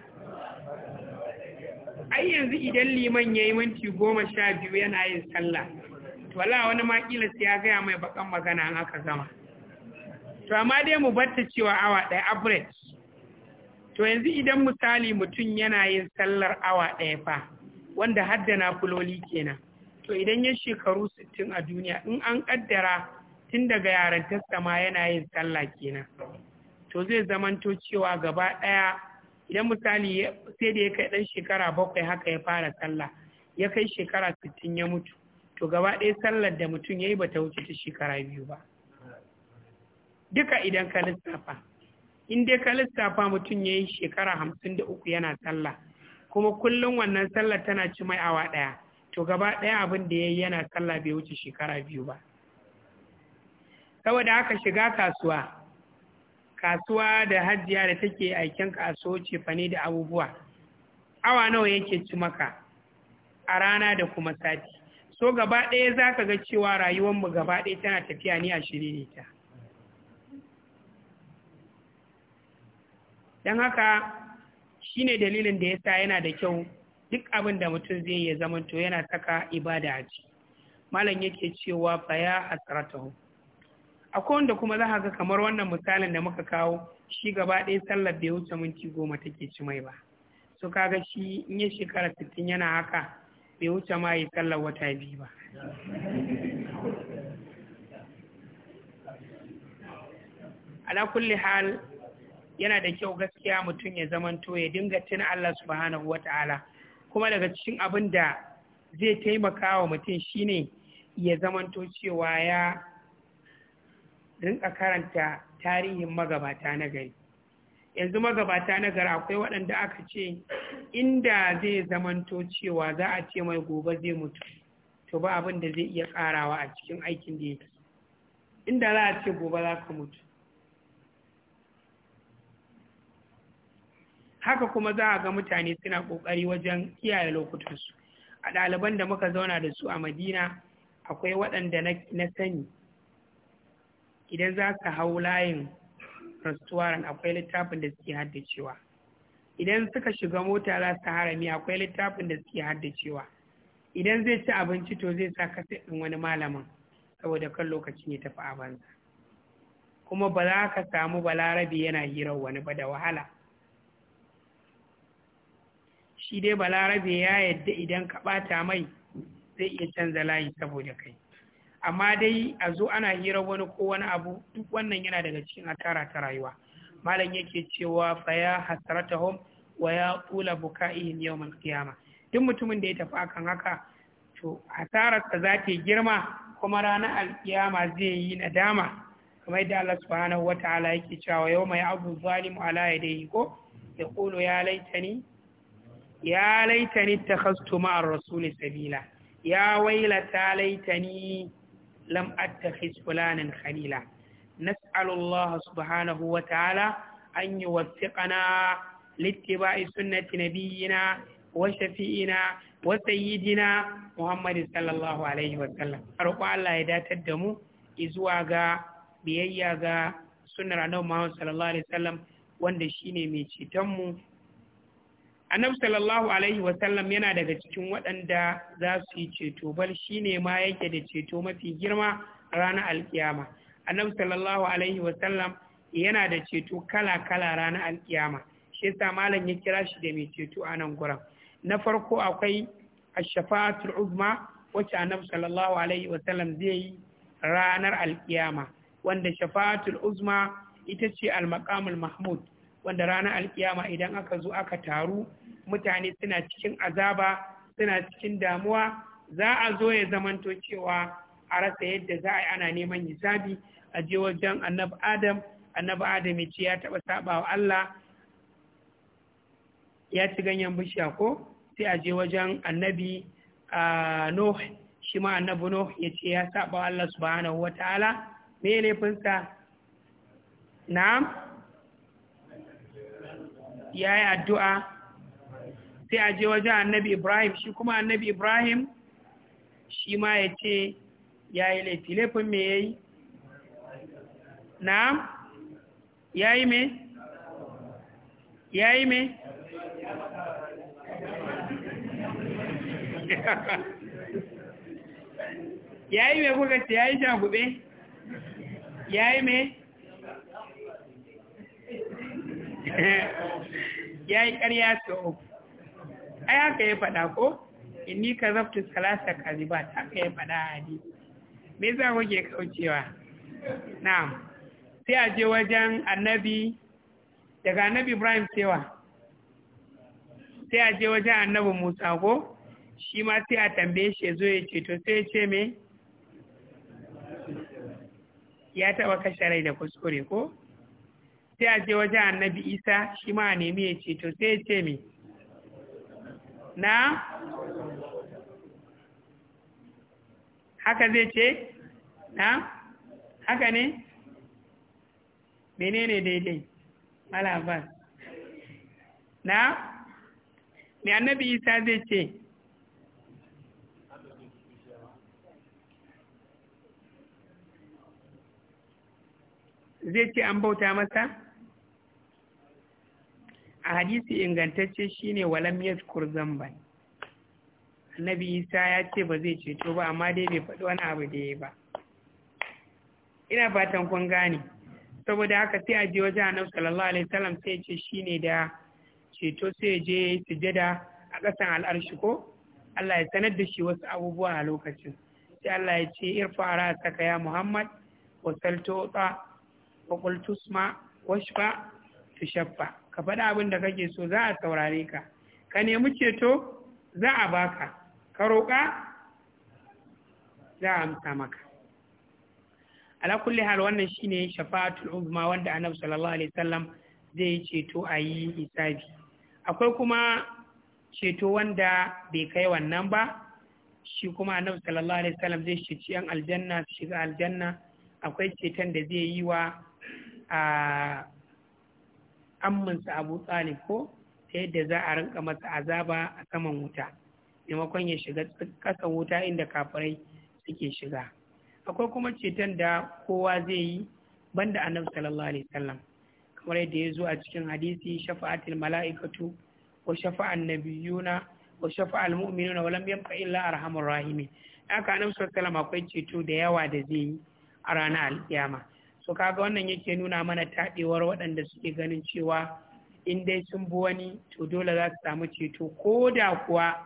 har yanzu idan liman ya yi minti goma sha biyu yana yin sallah wala wani makila sai ya gaya mai bakan magana an aka zama? to amma dai mu batta cewa awa ɗaya average to yanzu idan misali mutum yana yin sallar awa ɗaya fa wanda haddana na fuloli kenan to idan ya shekaru sittin a duniya in an kaddara tun daga yaran tasama yana yin sallah kenan to zai zamanto cewa gaba ɗaya idan misali sai da ya kai ɗan shekara bakwai haka ya fara sallah ya kai shekara sittin ya mutu to gaba ɗaya sallar da mutum ya yi ba ta wuce ta shekara biyu ba duka idan ka lissafa in dai ka lissafa mutum ya yi shekara hamsin da uku yana sallah kuma kullum wannan sallar tana ci mai awa ɗaya to gaba ɗaya abin da ya yi yana sallah bai wuce shekara biyu ba saboda haka shiga kasuwa kasuwa da Hajiya da take aikin kaso fane da abubuwa awa nawa yake ci maka a rana da kuma sati so gaba ɗaya za ka ga cewa rayuwarmu gaba ɗaya tana tafiya ne a ne ta don haka shi ne dalilin da ya sa yana da kyau duk abin da mutum zai ya zamanto yana saka ibada a ci malam yake cewa faya hasratahu akwai wanda kuma za ga kamar wannan misalin da muka kawo shi gaba ɗaya sallar da ya wuce minti goma take ci mai ba so ga shi in ya shekara sittin yana haka bai wuce ma yi sallar wata biyu ba ala kulli hal yana da kyau gaskiya mutum ya zamanto ya dinga tuna Allah subhanahu wata'ala kuma daga cikin abin da zai taimaka wa mutum shine ya zamanto cewa ya rinka karanta tarihin magabata na gari yanzu magabata na gari akwai waɗanda aka ce inda zai zamanto cewa za a ce mai gobe zai mutu to ba abin da zai iya ƙarawa a cikin aikin da yake inda za a ce gobe za ka mutu haka kuma za a ga mutane suna ƙoƙari wajen kiyaye lokutansu a ɗaliban da muka zauna da su a madina akwai waɗanda na sani idan za ka hau layin restaurant akwai littafin da suke haddacewa idan suka shiga mota za su harami akwai littafin da suke haddacewa idan zai ci abinci to zai sa kasa ɗin wani malamin saboda kan lokacin ya tafi a banza kuma ba za ka samu balarabe yana hirar wani ba da wahala shi dai balarabe ya yadda idan ka ɓata mai zai iya canza layi saboda kai amma dai a zo ana hira wani ko wani abu duk wannan yana daga cikin atara ta rayuwa malam yake cewa fa ya hasratahum wa ya qula bukaihim yawmal qiyama duk mutumin da ya tafi akan haka to hasararsa za ta girma kuma rana alkiyama zai yi nadama kamar yadda Allah subhanahu wa ta'ala yake cewa yau mai abu zalimu ala yadayhi ko ya qulu ya laitani ya laitani takhastu ma'ar rasuli sabila ya ta laitani lam attakhiz fulanan khalila nas'alu Allah subhanahu wa ta'ala an yuwaffiqana littiba'i sunnati nabiyyina wa shafi'ina wa sayyidina Muhammad sallallahu alaihi wa sallam roƙo Allah ya datar da mu zuwa ga biyayya ga sunnar annabi Muhammad sallallahu shine mai ceton mu annabi sallallahu alaihi wasallam yana daga cikin waɗanda za su yi ceto bal ne ma yake da ceto mafi girma ranar alkiyama annabi sallallahu alaihi wasallam yana da ceto kala-kala ranar alkiyama shi yasa malam ya kira shi da mai ceto a nan gurin na farko akwai ash-shafa'atul uzma wacce annabi sallallahu alaihi wasallam zai yi ranar alkiyama wanda shafa'atul uzma ita ce al-maqamul mahmud wanda ranar alkiyama idan aka zo aka taru mutane suna cikin azaba suna cikin damuwa za a zo ya zamanto cewa a rasa yadda za a yi ana neman hisabi a je wajen annabi adam annabi adam ya ce ya taɓa saɓa wa allah ya ci ganyen bishiya ko sai a je wajen annabi nuh shi ma annabi nuh ya ce ya saɓa wa allah subhanahu wataala ta'ala me laifinsa na'am ya yi addu'a sai a je wajen annabi ibrahim shi kuma annabi ibrahim shi ma ya ce ya yi laifi laifin me ya yi na'am ya yi me ya yi me (laughs) ya yi me kuka ce ya yi jagube ya yi me (laughs) ya yi ƙarya sau uku ai haka ya faɗa ko inni ka zafta salasa ta ka ya faɗa a ne me za ku ke kaucewa na'am sai a je wajen annabi daga annabi ibrahim cewa sai a je wajen annabi musa ko shi ma sai a tambaye shi zo ya ce to sai ya ce me ya taɓa kashe rai da kuskure ko sai a je wajen annabi isa shi ma a nemi ya ce to sai ya ce mi na haka zai ce na haka ne menene daidai malabar na mai annabi isa zai ce zai ce an bauta masa a hadisi ingantacce shine walam yazkur zamban annabi isa ya ce ba zai ceto ba amma dai bai faɗi wani abu da ya ba ina fatan kun gane saboda haka sai a je wajen annabi sallallahu alaihi wasallam sai ya ce shine da ceto sai je sujada a ƙasan al'arshi ko Allah ya sanar da shi wasu abubuwa a lokacin sai Allah ya ce irfa ra'saka ya Muhammad wa salto ta wa qul tusma washfa tushaffa ka faɗi abin da kake so za a saurare ka ka nemi ceto za a baka ka roƙa za a amsa maka ala kulli hal wannan shine shafa'atul uzma wanda annabi sallallahu alaihi wasallam zai ceto a yi hisabi akwai kuma ceto wanda bai kai wannan ba shi kuma annabi sallallahu alaihi wasallam zai ceci aljanna shiga aljanna akwai ceton da zai yi wa a ammansa abu talib ko ta yadda za a rinka masa azaba a saman wuta maimakon ya shiga kasan wuta inda kafirai suke shiga akwai kuma ceton da kowa zai yi banda annab sallallahu alaihi wasallam kamar yadda ya zo a cikin hadisi shafa'atul mala'ikatu wa shafa'an nabiyuna wa shafa'al mu'minuna wa lam yabqa illa arhamur rahimin haka annab sallallahu alaihi wasallam akwai ceto da yawa da zai yi a ranar alkiyama so kaga wannan yake nuna mana taɗewar waɗanda suke ganin cewa in dai sun bi wani to dole za su samu ceto ko da kuwa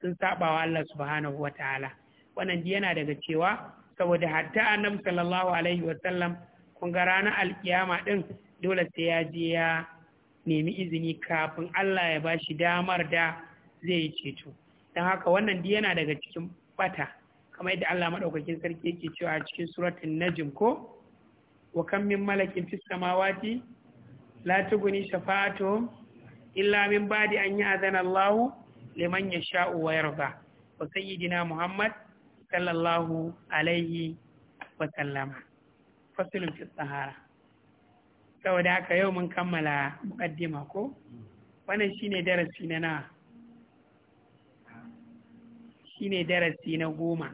sun saba wa Allah subhanahu wa ta'ala wannan yana daga cewa saboda hatta annabi sallallahu alaihi wa sallam kun ga ranar alkiyama din dole sai ya je ya nemi izini kafin Allah ya ba shi damar da zai yi ceto don haka wannan ji yana daga cikin bata kamar yadda Allah madaukakin sarki yake cewa a cikin suratul najm ko wa kan min malakin fis samawati la tuguni shafa'atuhum illa min ba'di an ya'zana Allah liman yasha'u wa yarda wa sayyidina Muhammad sallallahu alaihi wa sallama fasilun fi sahara saboda haka yau mun kammala muqaddima ko wannan shine darasi na na shine darasi na goma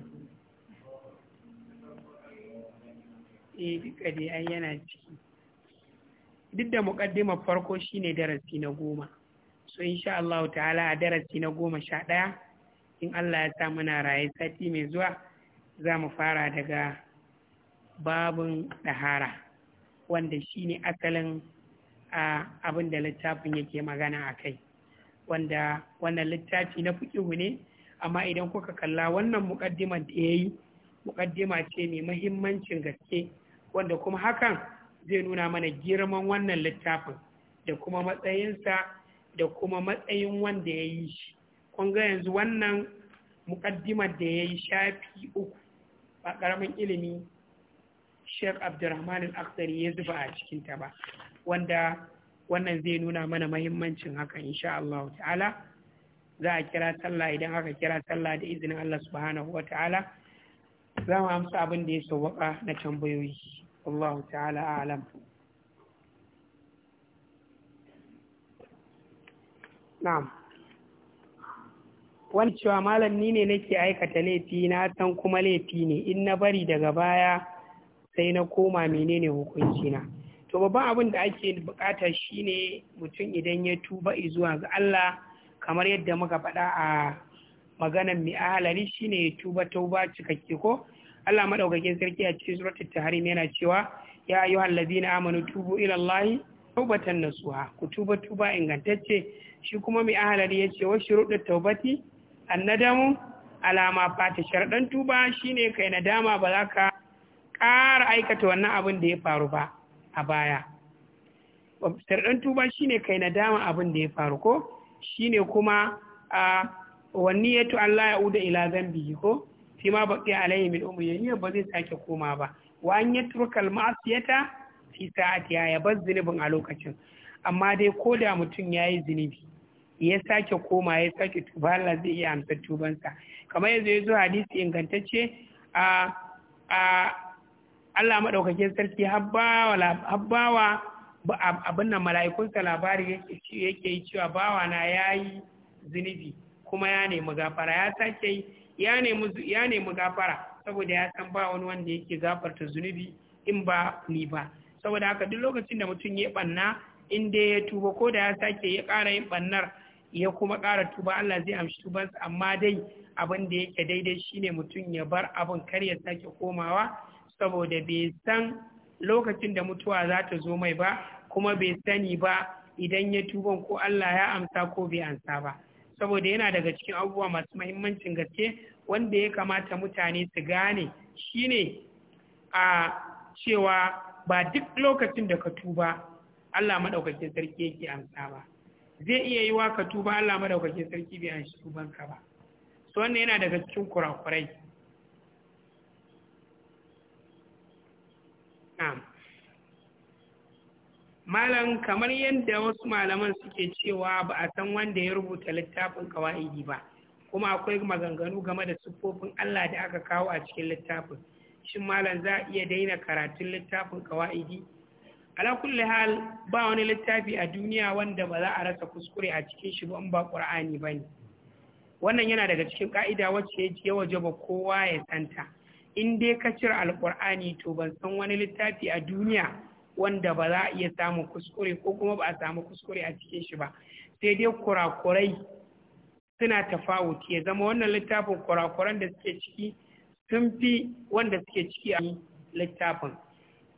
eh duka dai ai yana ciki duk da muƙaddimar farko shine darasi na goma so insha Allah ta'ala a darasi na goma sha ɗaya in Allah ya sa muna raye sati mai zuwa za mu fara daga babin ɗahara wanda shine asalin abin da littafin yake magana a kai wanda wannan littafi na fiƙihu ne amma idan kuka kalla wannan muƙaddiman da ya yi muƙaddima ce mai mahimmancin gaske wanda kuma hakan zai nuna mana girman wannan littafin da kuma matsayinsa da kuma matsayin wanda ya yi shi ga yanzu wannan muƙaddimar da ya yi shafi uku ba ƙaramin ilimi sheikh Abdulrahman al-akhtari ya zuba a cikinta ba wanda wannan zai nuna mana mahimmancin haka insha Allah ta'ala za a kira sallah idan aka kira sallah da izinin Allah subhanahu wa ta'ala za mu amsa abin da ya sauwaka na tambayoyi والله تعالى أعلم نعم wani cewa malam ni ne nake aikata laifi na san kuma laifi ne in na bari daga baya sai na koma menene hukunci na to babban abin da ake bukata shine mutum idan ya tuba zuwa ga Allah kamar yadda muka faɗa a maganan mai ahalari shine ya tuba tauba cikakke ko Allah madaukakin sarki a cikin suratul tahrim yana cewa ya ayyuhal ladina amanu tubu ila Allah tawbatan nasuha ku tuba tuba ingantacce shi kuma mai ahalari yace wa shurudut taubati annadamu alama fata sharadan tuba shine kai nadama ba za ka ƙara aikata wannan abin da ya faru ba a baya sharadan tuba shine kai nadama abin da ya faru ko shine kuma a wanniyatu Allah ya uda ila zambi ko fi ma baqi alayhi min umri ya ba zai sake koma ba wa an yi turkal ma'siyata fi sa'ati ya bar zunubin a lokacin amma dai ko da mutum ya yi zunubi ya sake koma ya sake tuba Allah zai iya amsa tubansa kamar yanzu ya zo hadisi ingantacce a a Allah madaukakin sarki habbawa abin nan mala'ikunsa labari yake yi cewa bawa na yayi zunubi kuma ya nemi gafara ya sake yi ya nemi gafara saboda ya san ba wani wanda yake gafarta zunubi in ba ni ba saboda haka duk lokacin da mutum ya banna in dai ya tuba ko da ya sake ya ƙara yin bannar ya kuma ƙara tuba Allah zai amshi tubansa amma dai abin da yake daidai shine mutum ya bar abin kar ya sake komawa saboda bai san lokacin da mutuwa za ta zo mai ba kuma bai sani ba idan ya tuban ko Allah ya amsa ko bai amsa ba saboda yana daga cikin abubuwa masu mahimmancin gaske wanda ya kamata mutane su gane shine a cewa ba duk lokacin da ka tuba Allah maɗaukakin sarki yake amsa ba zai iya yi wa ka tuba Allah maɗaukakin sarki bai an shi tubanka ba so wannan yana daga cikin kurakurai na'am malam kamar yadda wasu malaman suke cewa ba a san wanda ya rubuta littafin kawa'idi ba kuma akwai maganganu game da siffofin Allah da aka kawo a cikin littafin shin malam za a iya daina karatun littafin kawa'idi ala kulli hal ba wani littafi a duniya wanda ba za a rasa kuskure a cikin shi ba in ba qur'ani bane wannan yana daga cikin ka'ida wacce ya waje ba kowa ya santa in dai ka cire alqur'ani to ban san wani littafi a duniya wanda ba za a iya samun kuskure ko kuma ba a samu kuskure a cikin shi ba sai dai kurakurai suna tafawuti ya zama wannan littafin kurakuran da suke ciki sun fi wanda suke ciki a littafin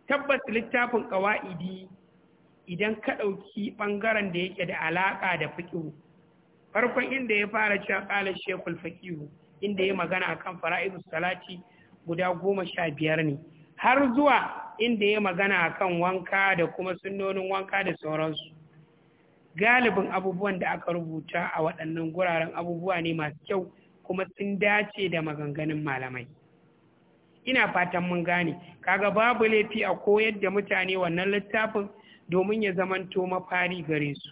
tabbas littafin ƙawa'idi idan ka ɗauki ɓangaren da yake da alaƙa da fiƙihu farkon inda ya fara cewa ƙalar shekul faƙihu inda ya magana akan fara'idus salati guda goma sha biyar ne har zuwa inda ya magana kan wanka da kuma sunnonin wanka da sauransu galibin abubuwan da aka rubuta a waɗannan guraren abubuwa ne masu kyau kuma sun dace da maganganun malamai ina fatan mun gane kaga babu laifi a koyar da mutane wannan littafin domin ya zamanto mafari gare su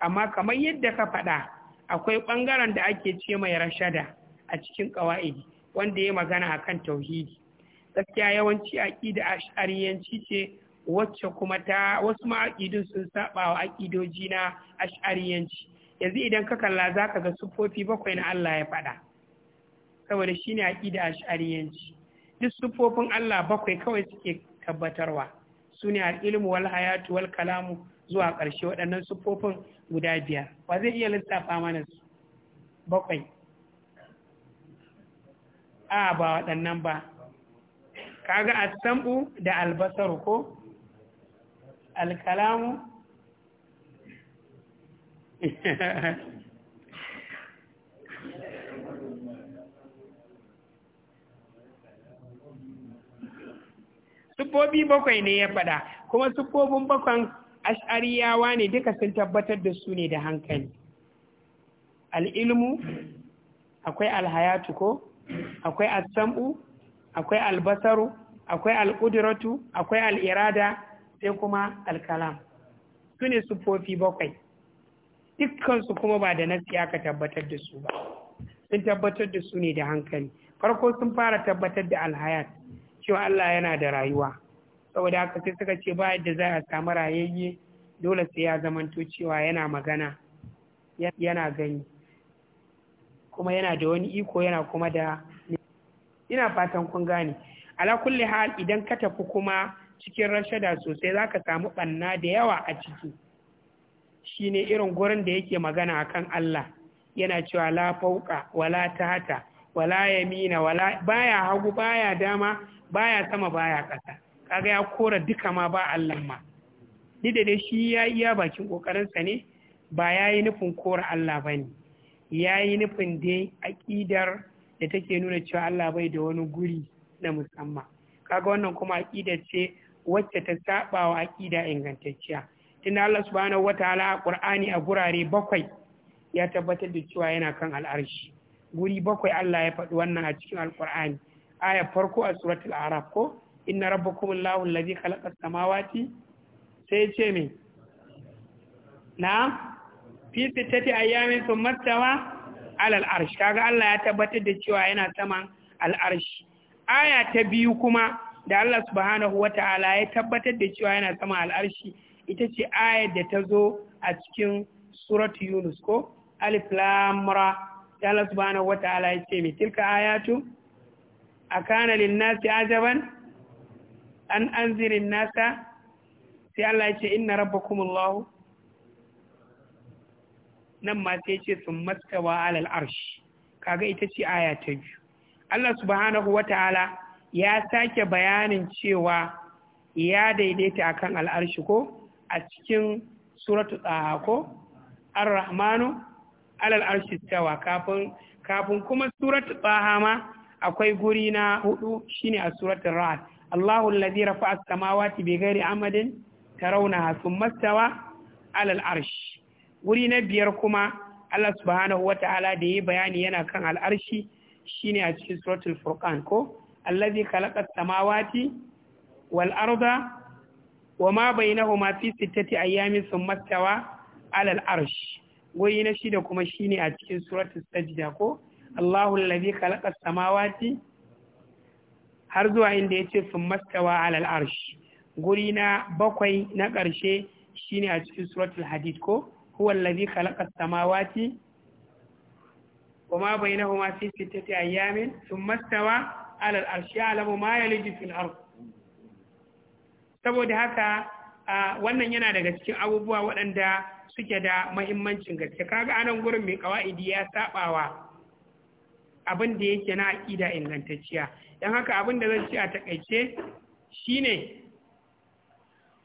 amma kamar yadda ka faɗa akwai ɓangaren da ake ce mai rashada a cikin ƙawa'idi wanda ya magana akan tauhidi gaskiya yawanci aƙida ash'ariyanci ce wacce kuma ta wasu ma'aƙidun sun saba wa aƙidoji na ash'ariyanci yanzu idan ka kalla za ka ga sufofi bakwai na Allah ya faɗa saboda shi ne aƙida ash'ariyanci duk sufofin Allah bakwai kawai suke tabbatarwa su ne al'ilmu wal hayatu wal kalamu zuwa ƙarshe waɗannan sufofin guda biyar ba zai iya lissafa mana su bakwai a ba waɗannan ba kaga ga da albasaru ko alkalamu (laughs) sufobi bakwai ne ya faɗa, kuma sufobin bakwan ash'ariyawa ne duka sun tabbatar da su ne da hankali. Al'ilmu, akwai alhayatu ko, akwai asam'u, akwai albasaru akwai alƙudiratu akwai al'irada sai kuma alkalam su ne sufofi bakwai dukkansu kuma ba da nasi ka tabbatar da su ba sun tabbatar da su ne da hankali farko sun fara tabbatar da alhayat cewa Allah yana da rayuwa saboda haka sai suka ce ba yadda za a samu rayayye dole sai ya zamanto cewa yana magana yana gani kuma yana da wani iko yana kuma da ina fatan kun gane ala kulli hal idan ka tafi kuma cikin rashada sosai zaka samu banna da yawa a ciki shine irin gurin da yake magana akan Allah yana cewa la fauka wala tahta wala yamina wala baya hagu baya dama baya sama baya ƙasa kaga ya kora duka ma ba Allah ma ni da shi ya iya bakin kokarinsa ne ba ya yi nufin kora Allah ba ne ya yi nufin dai aƙidar da take nuna cewa Allah bai da wani guri na musamman kaga wannan kuma aƙida ce wacce ta saba wa aqida ingantacciya tunda Allah subhanahu wataala a Qur'ani a gurare bakwai ya tabbatar da cewa yana kan al'arshi guri bakwai Allah ya faɗi wannan a cikin alƙur'ani aya farko a suratul araf ko inna rabbakum allahu allazi khalaqa samawati sai ce me na fi sittati ayyamin thumma tawa alal arshi kaga Allah ya tabbatar da cewa yana saman al arshi aya ta biyu kuma da Allah subhanahu wataala ya tabbatar da cewa yana saman al arshi ita ce aya da ta zo a cikin suratu yunus ko alif lam ra da Allah subhanahu wataala ya ce mai tilka ayatu akana lin ajaban an anzirin nasa sai Allah ya ce inna rabbakumullahu nan ma sai ce sun mastawa alal arshi kaga ita ce aya ta biyu Allah subhanahu Ta'ala ya sake bayanin cewa ya daidaita akan al'arshi ko a cikin suratu tsaha ko ar-rahmanu alal arshi tawa kafin kafin kuma suratu tsaha ma akwai guri na hudu shine a suratul ra'd Allahu allazi rafa'a as-samawati bighairi amadin tarawna thumma mastawa alal arshi wuri na biyar kuma Allah subhanahu wa ta'ala da yi bayani yana kan al'arshi shine a cikin suratul furqan ko allazi khalaqa samawati wal arda wa ma bainahuma fi sittati ayyamin thumma tawa ala al arsh wai na shida kuma shine a cikin suratul sajda ko Allahu allazi khalaqa samawati har zuwa inda yace thumma sun ala al arsh guri na bakwai na ƙarshe shine a cikin suratul hadid ko huwa allazi khalaqa as-samawati wama bainahuma fi sittati ayamin thumma istawa ala al-arshi ya'lamu ma yaliju saboda haka wannan yana daga cikin abubuwa waɗanda suke da mahimmancin gaske kaga anan gurin mai kawa'idi ya sabawa abin da yake na aƙida ingantacciya don haka abin da zan ci a takaice shine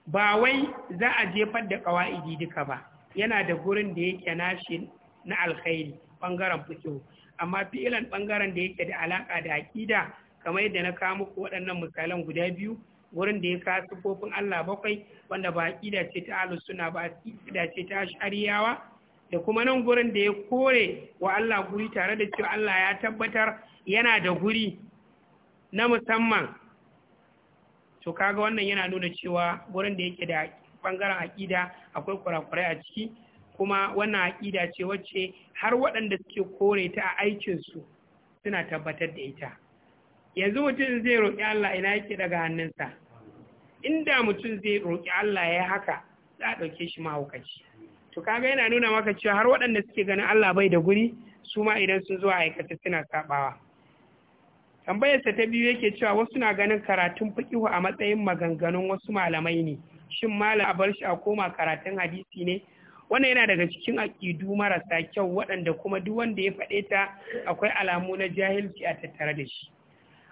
ba wai za a jefar da kawa'idi duka ba yana da gurin da yake nashi na alkhairi bangaren fito amma filan bangaren da yake da alaka da aqida kamar yadda na kawo muku waɗannan misalan guda biyu gurin da ya kawo kofin Allah bakwai wanda ba aqida ce ta ahlus ba aqida ce ta shari'awa. da kuma nan gurin da ya kore wa Allah guri tare da cewa Allah ya tabbatar yana da guri na musamman to kaga wannan yana nuna cewa gurin da yake da bangaren aƙida akwai kurakurai a ciki kuma wannan aƙida ce wacce har waɗanda suke kore ta a aikinsu suna tabbatar da ita yanzu mutum zai roƙi Allah ina yake daga hannunsa inda mutum zai roƙi Allah ya haka za a ɗauke shi mahaukaci to kaga yana nuna maka cewa har waɗanda suke ganin Allah bai da guri su ma idan sun zo a aikata suna sabawa tambayarsa ta biyu yake cewa wasu na ganin karatun fiqihu a matsayin maganganun wasu malamai ne shin mala a barshi a koma karatun hadisi ne wannan yana daga cikin aƙidu marasa kyau waɗanda kuma duk wanda ya faɗe ta akwai alamu na jahilci a tattare da shi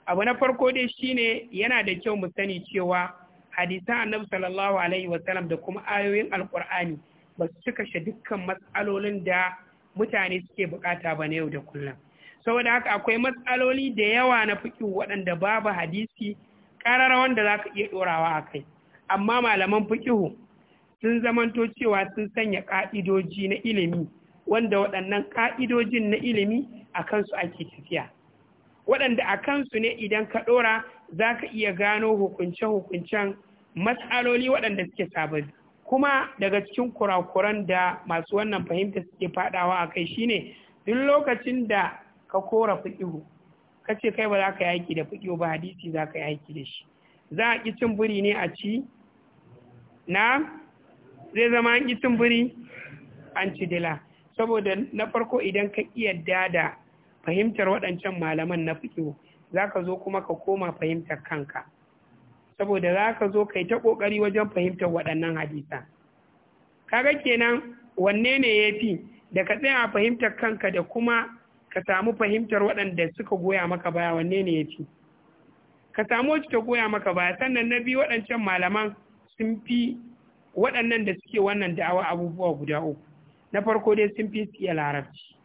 abu na farko dai shine yana da kyau mu sani cewa hadisan annabi sallallahu alaihi wasallam da kuma ayoyin alkur'ani ba su cika shi dukkan matsalolin da mutane suke bukata ba na yau da kullum saboda haka akwai matsaloli da yawa na fiƙi waɗanda babu hadisi ƙararrawan da za iya ɗorawa a kai amma malaman fikihu sun zamanto cewa sun sanya ƙa'idoji na ilimi wanda waɗannan ƙa'idojin na ilimi a kansu ake tafiya waɗanda a kansu ne idan ka ɗora za ka iya gano hukunce-hukuncen matsaloli waɗanda suke sababbi kuma daga cikin kurakuran da masu wannan fahimta suke faɗawa a kai shine duk lokacin da ka kora fiƙihu ka ce kai ba za ka yaki da fiƙihu ba hadisi za ka yaki da shi za a ƙi cin buri ne a ci na zai zama an ƙi tumburi an ci dila saboda na farko idan ka iya dada fahimtar waɗancan malaman na fiƙo za ka zo kuma ka koma fahimtar kanka saboda za ka zo ka ta ƙoƙari wajen fahimtar waɗannan hadisa kaga kenan wanne ne ya fi da ka tsaya fahimtar kanka da kuma ka samu fahimtar waɗanda suka goya maka baya wanne ne ya fi ka samu wacce ta goya maka baya sannan na biyu waɗancan malaman sun fi waɗannan da suke wannan da'awa abubuwa guda uku na farko dai sun fi su iya larabci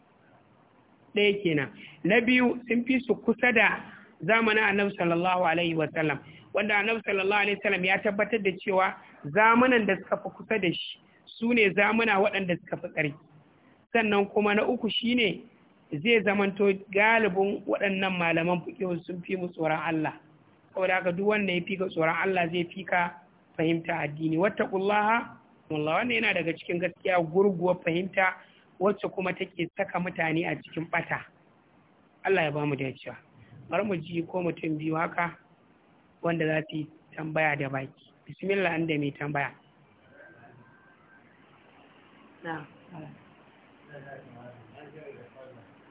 ɗaya kenan na biyu sun fi su kusa da zamanin annabi sallallahu alaihi sallam wanda annabi sallallahu alaihi sallam ya tabbatar da cewa zamanan da suka fi kusa da shi su ne zamana waɗanda suka fi tsarki sannan kuma na uku shine zai zamanto galibin waɗannan malaman fiƙihu sun fi mu tsoron Allah saboda haka duk wanda ya fi ka tsoron Allah zai fi ka fahimta addini wattaqullaha wallahi wannan yana daga cikin gaskiya gurguwa fahimta wacce kuma take saka mutane a cikin bata Allah ya bamu dacewa bari mu ji ko mutum biyu haka wanda za su tambaya da baki bismillah an da mai tambaya na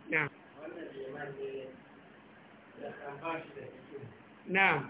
na na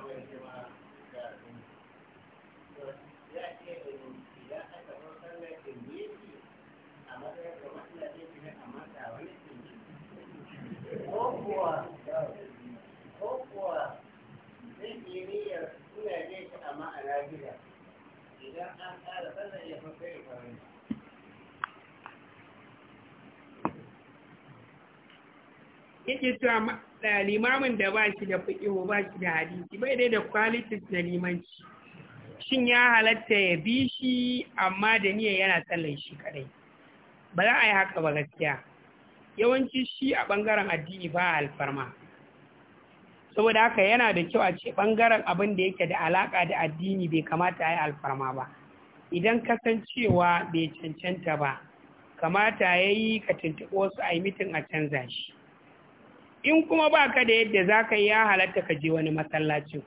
yake cewa limamin da ba shi da fiƙihu ba shi da hadisi bai dai da qualities na limanci shin ya halatta ya bi shi amma da niyyar yana sallan shi kadai ba za a yi haka ba gaskiya yawanci shi a ɓangaren addini ba alfarma saboda haka yana da kyau a ce bangaren abin da yake da alaka da addini bai kamata a yi alfarma ba idan kasancewa bai cancanta ba kamata ya yi ka tuntuɓi wasu a yi mitin a canza shi in kuma ba ka da yadda za ka yi ya halatta ka je wani masallacin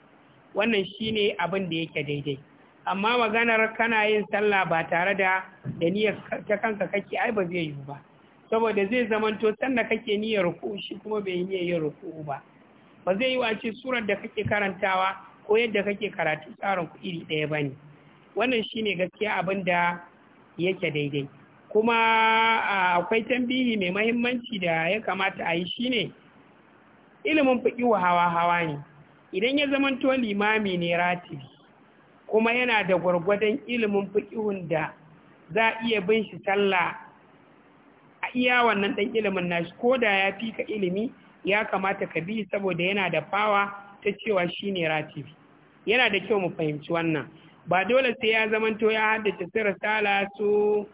wannan shi ne abin da yake daidai amma maganar kana yin sallah ba tare da da niyyar ta kanka kake ai ba zai yiwu ba saboda zai zamanto sanda kake niyyar ruku'u shi kuma bai yi niyyar ruku'u ba ba zai yi wace surar da kake karantawa ko yadda kake karatu tsarin ku iri ɗaya ba ne wannan shi ne gaskiya abin da yake daidai kuma akwai tambihi mai mahimmanci da ya kamata a yi shi ne. ilimin wa hawa-hawa ne idan ya zama to limami ne ratibi kuma yana da gwargwadon ilimin fiƙihun da za a iya bin shi sallah a iya wannan ɗan ilimin nashi ko da ya fi ka ilimi ya kamata ka bi saboda yana da fawa ta cewa shi ne ratibi yana da kyau mu fahimci wannan ba dole sai ya zamanto ya haddace sai risala su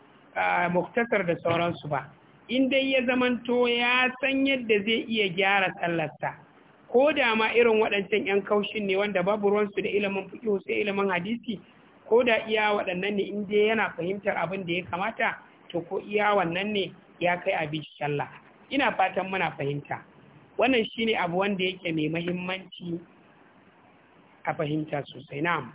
muktasar da sauransu ba in dai ya zamanto ya san yadda zai iya gyara sallarsa ko da ma irin waɗancan 'yan kaushin ne wanda babu ruwansu da ilimin fiƙihu sai ilimin hadisi ko da iya waɗannan ne in dai yana fahimtar abin da ya kamata to ko iya wannan ne ya kai abin sallah ina fatan muna fahimta wannan shi ne abu wanda yake mai mahimmanci a fahimta sosai na.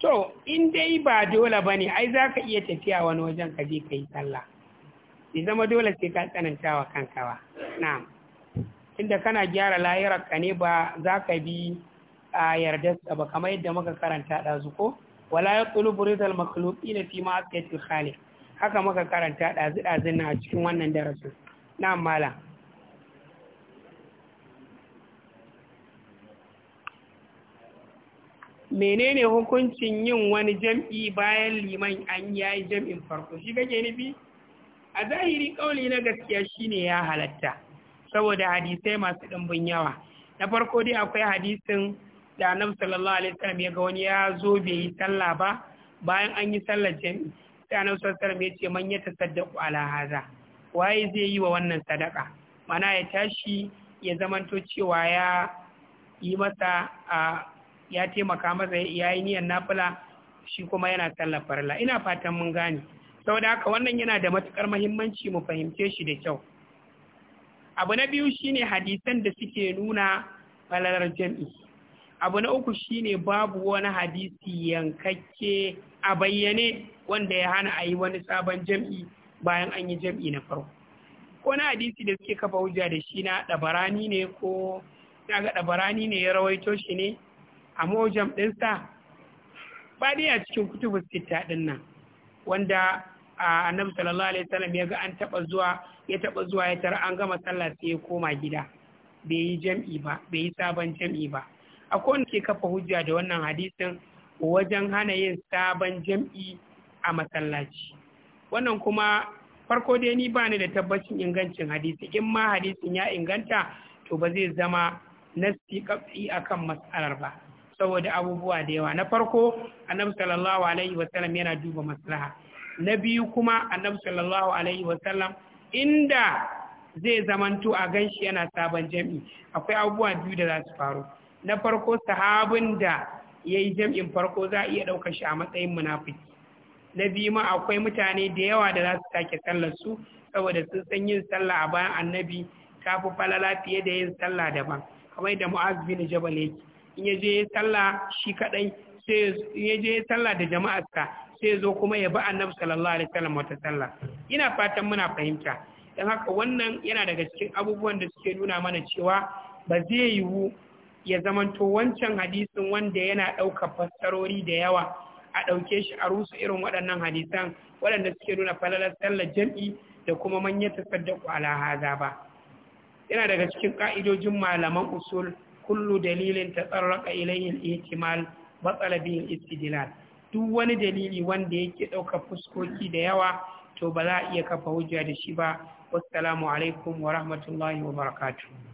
To, in dai ba dole ba ne, ai za ka iya tafiya wani wajen ka je ka yi tsalla, ne zama dole sai ka tsananta wa kanka ba. Na'am. kana gyara lahirar ka ne ba za ka bi a yardarsa ba kamar yadda muka karanta ɗazu ko wala ya tsulu burizal makhluki na fi ma'asiyatul khali haka muka karanta ɗazu ɗazun na cikin wannan darasin na mala. menene hukuncin yin wani jam'i bayan liman an yayi jam'in farko shi kake nufi a zahiri kauli na gaskiya shine ya halatta saboda hadisai masu ɗimbin yawa na farko dai akwai hadisin da annabi sallallahu alaihi wasallam ya ga wani ya zo bai yi sallah ba bayan an yi sallar jami'i sai annabi sallallahu alaihi wasallam ya ce man ya tasaddaqu ala hadha waye zai yi wa wannan sadaka mana ya tashi ya zamanto cewa ya yi masa a ya taimaka masa ya yi niyan nafila shi kuma yana sallar farla ina fatan mun gane saboda haka wannan yana da matukar muhimmanci mu fahimce shi da kyau abu na biyu shine hadisan da suke nuna falalar jami'i abu na uku shine babu wani hadisi yankakke a bayyane wanda ya hana a yi wani sabon jam'i bayan an yi jam'i na farko wani hadisi da suke kafa hujja da shi na ɗabarani ne ko ga ɗabarani ne ya rawaito shi ne a mojam ɗinsa ba dai a cikin kutubu sita ɗin nan wanda annabi sallallahu alaihi wasallam ya ga an taɓa zuwa ya taɓa zuwa ya tara an gama sallah sai ya koma gida bai yi jam'i ba bai yi sabon jam'i ba akwai wanda ke kafa hujja da wannan hadisin wajen hana yin sabon jam'i a masallaci wannan kuma farko dai ni ba ni da tabbacin ingancin hadisi in ma hadisin ya inganta to ba zai zama nasti kafi akan matsalar ba saboda abubuwa da yawa na farko annabi sallallahu alaihi wasallam yana duba maslaha na biyu kuma annabi sallallahu alaihi wasallam inda zai zamanto a ganshi yana sabon jami'i akwai abubuwa biyu da za su faru na farko sahabin da ya yi jam'in farko za a iya ɗaukar shi a matsayin munafiki na biyu ma akwai mutane da yawa da za su sake sallar su saboda sun san yin sallah a bayan annabi ta fi falala fiye da yin sallah daban kamar da mu'az bin jabal yake in ya je sallah shi kadai ya je sallah da jama'arsa sai zo kuma ya bi annabi sallallahu alaihi wasallam wata sallah ina fatan muna fahimta dan haka wannan yana daga cikin abubuwan da suke nuna mana cewa ba zai yiwu ya zamanto wancan hadisin wanda yana ɗaukar fassarori da yawa a ɗauke shi a rusu irin waɗannan hadisan waɗanda suke nuna falalar sallar jam'i da kuma manyan tasaddaku ala haza ba yana daga cikin ƙa'idojin malaman usul kullu dalilin ta tsarraka ilayhin ihtimal batsala bihin istidilal duk wani dalili wanda yake ɗaukar fuskoki da yawa to ba za a iya kafa hujja da shi ba wassalamu alaikum wa rahmatullahi wa barakatuh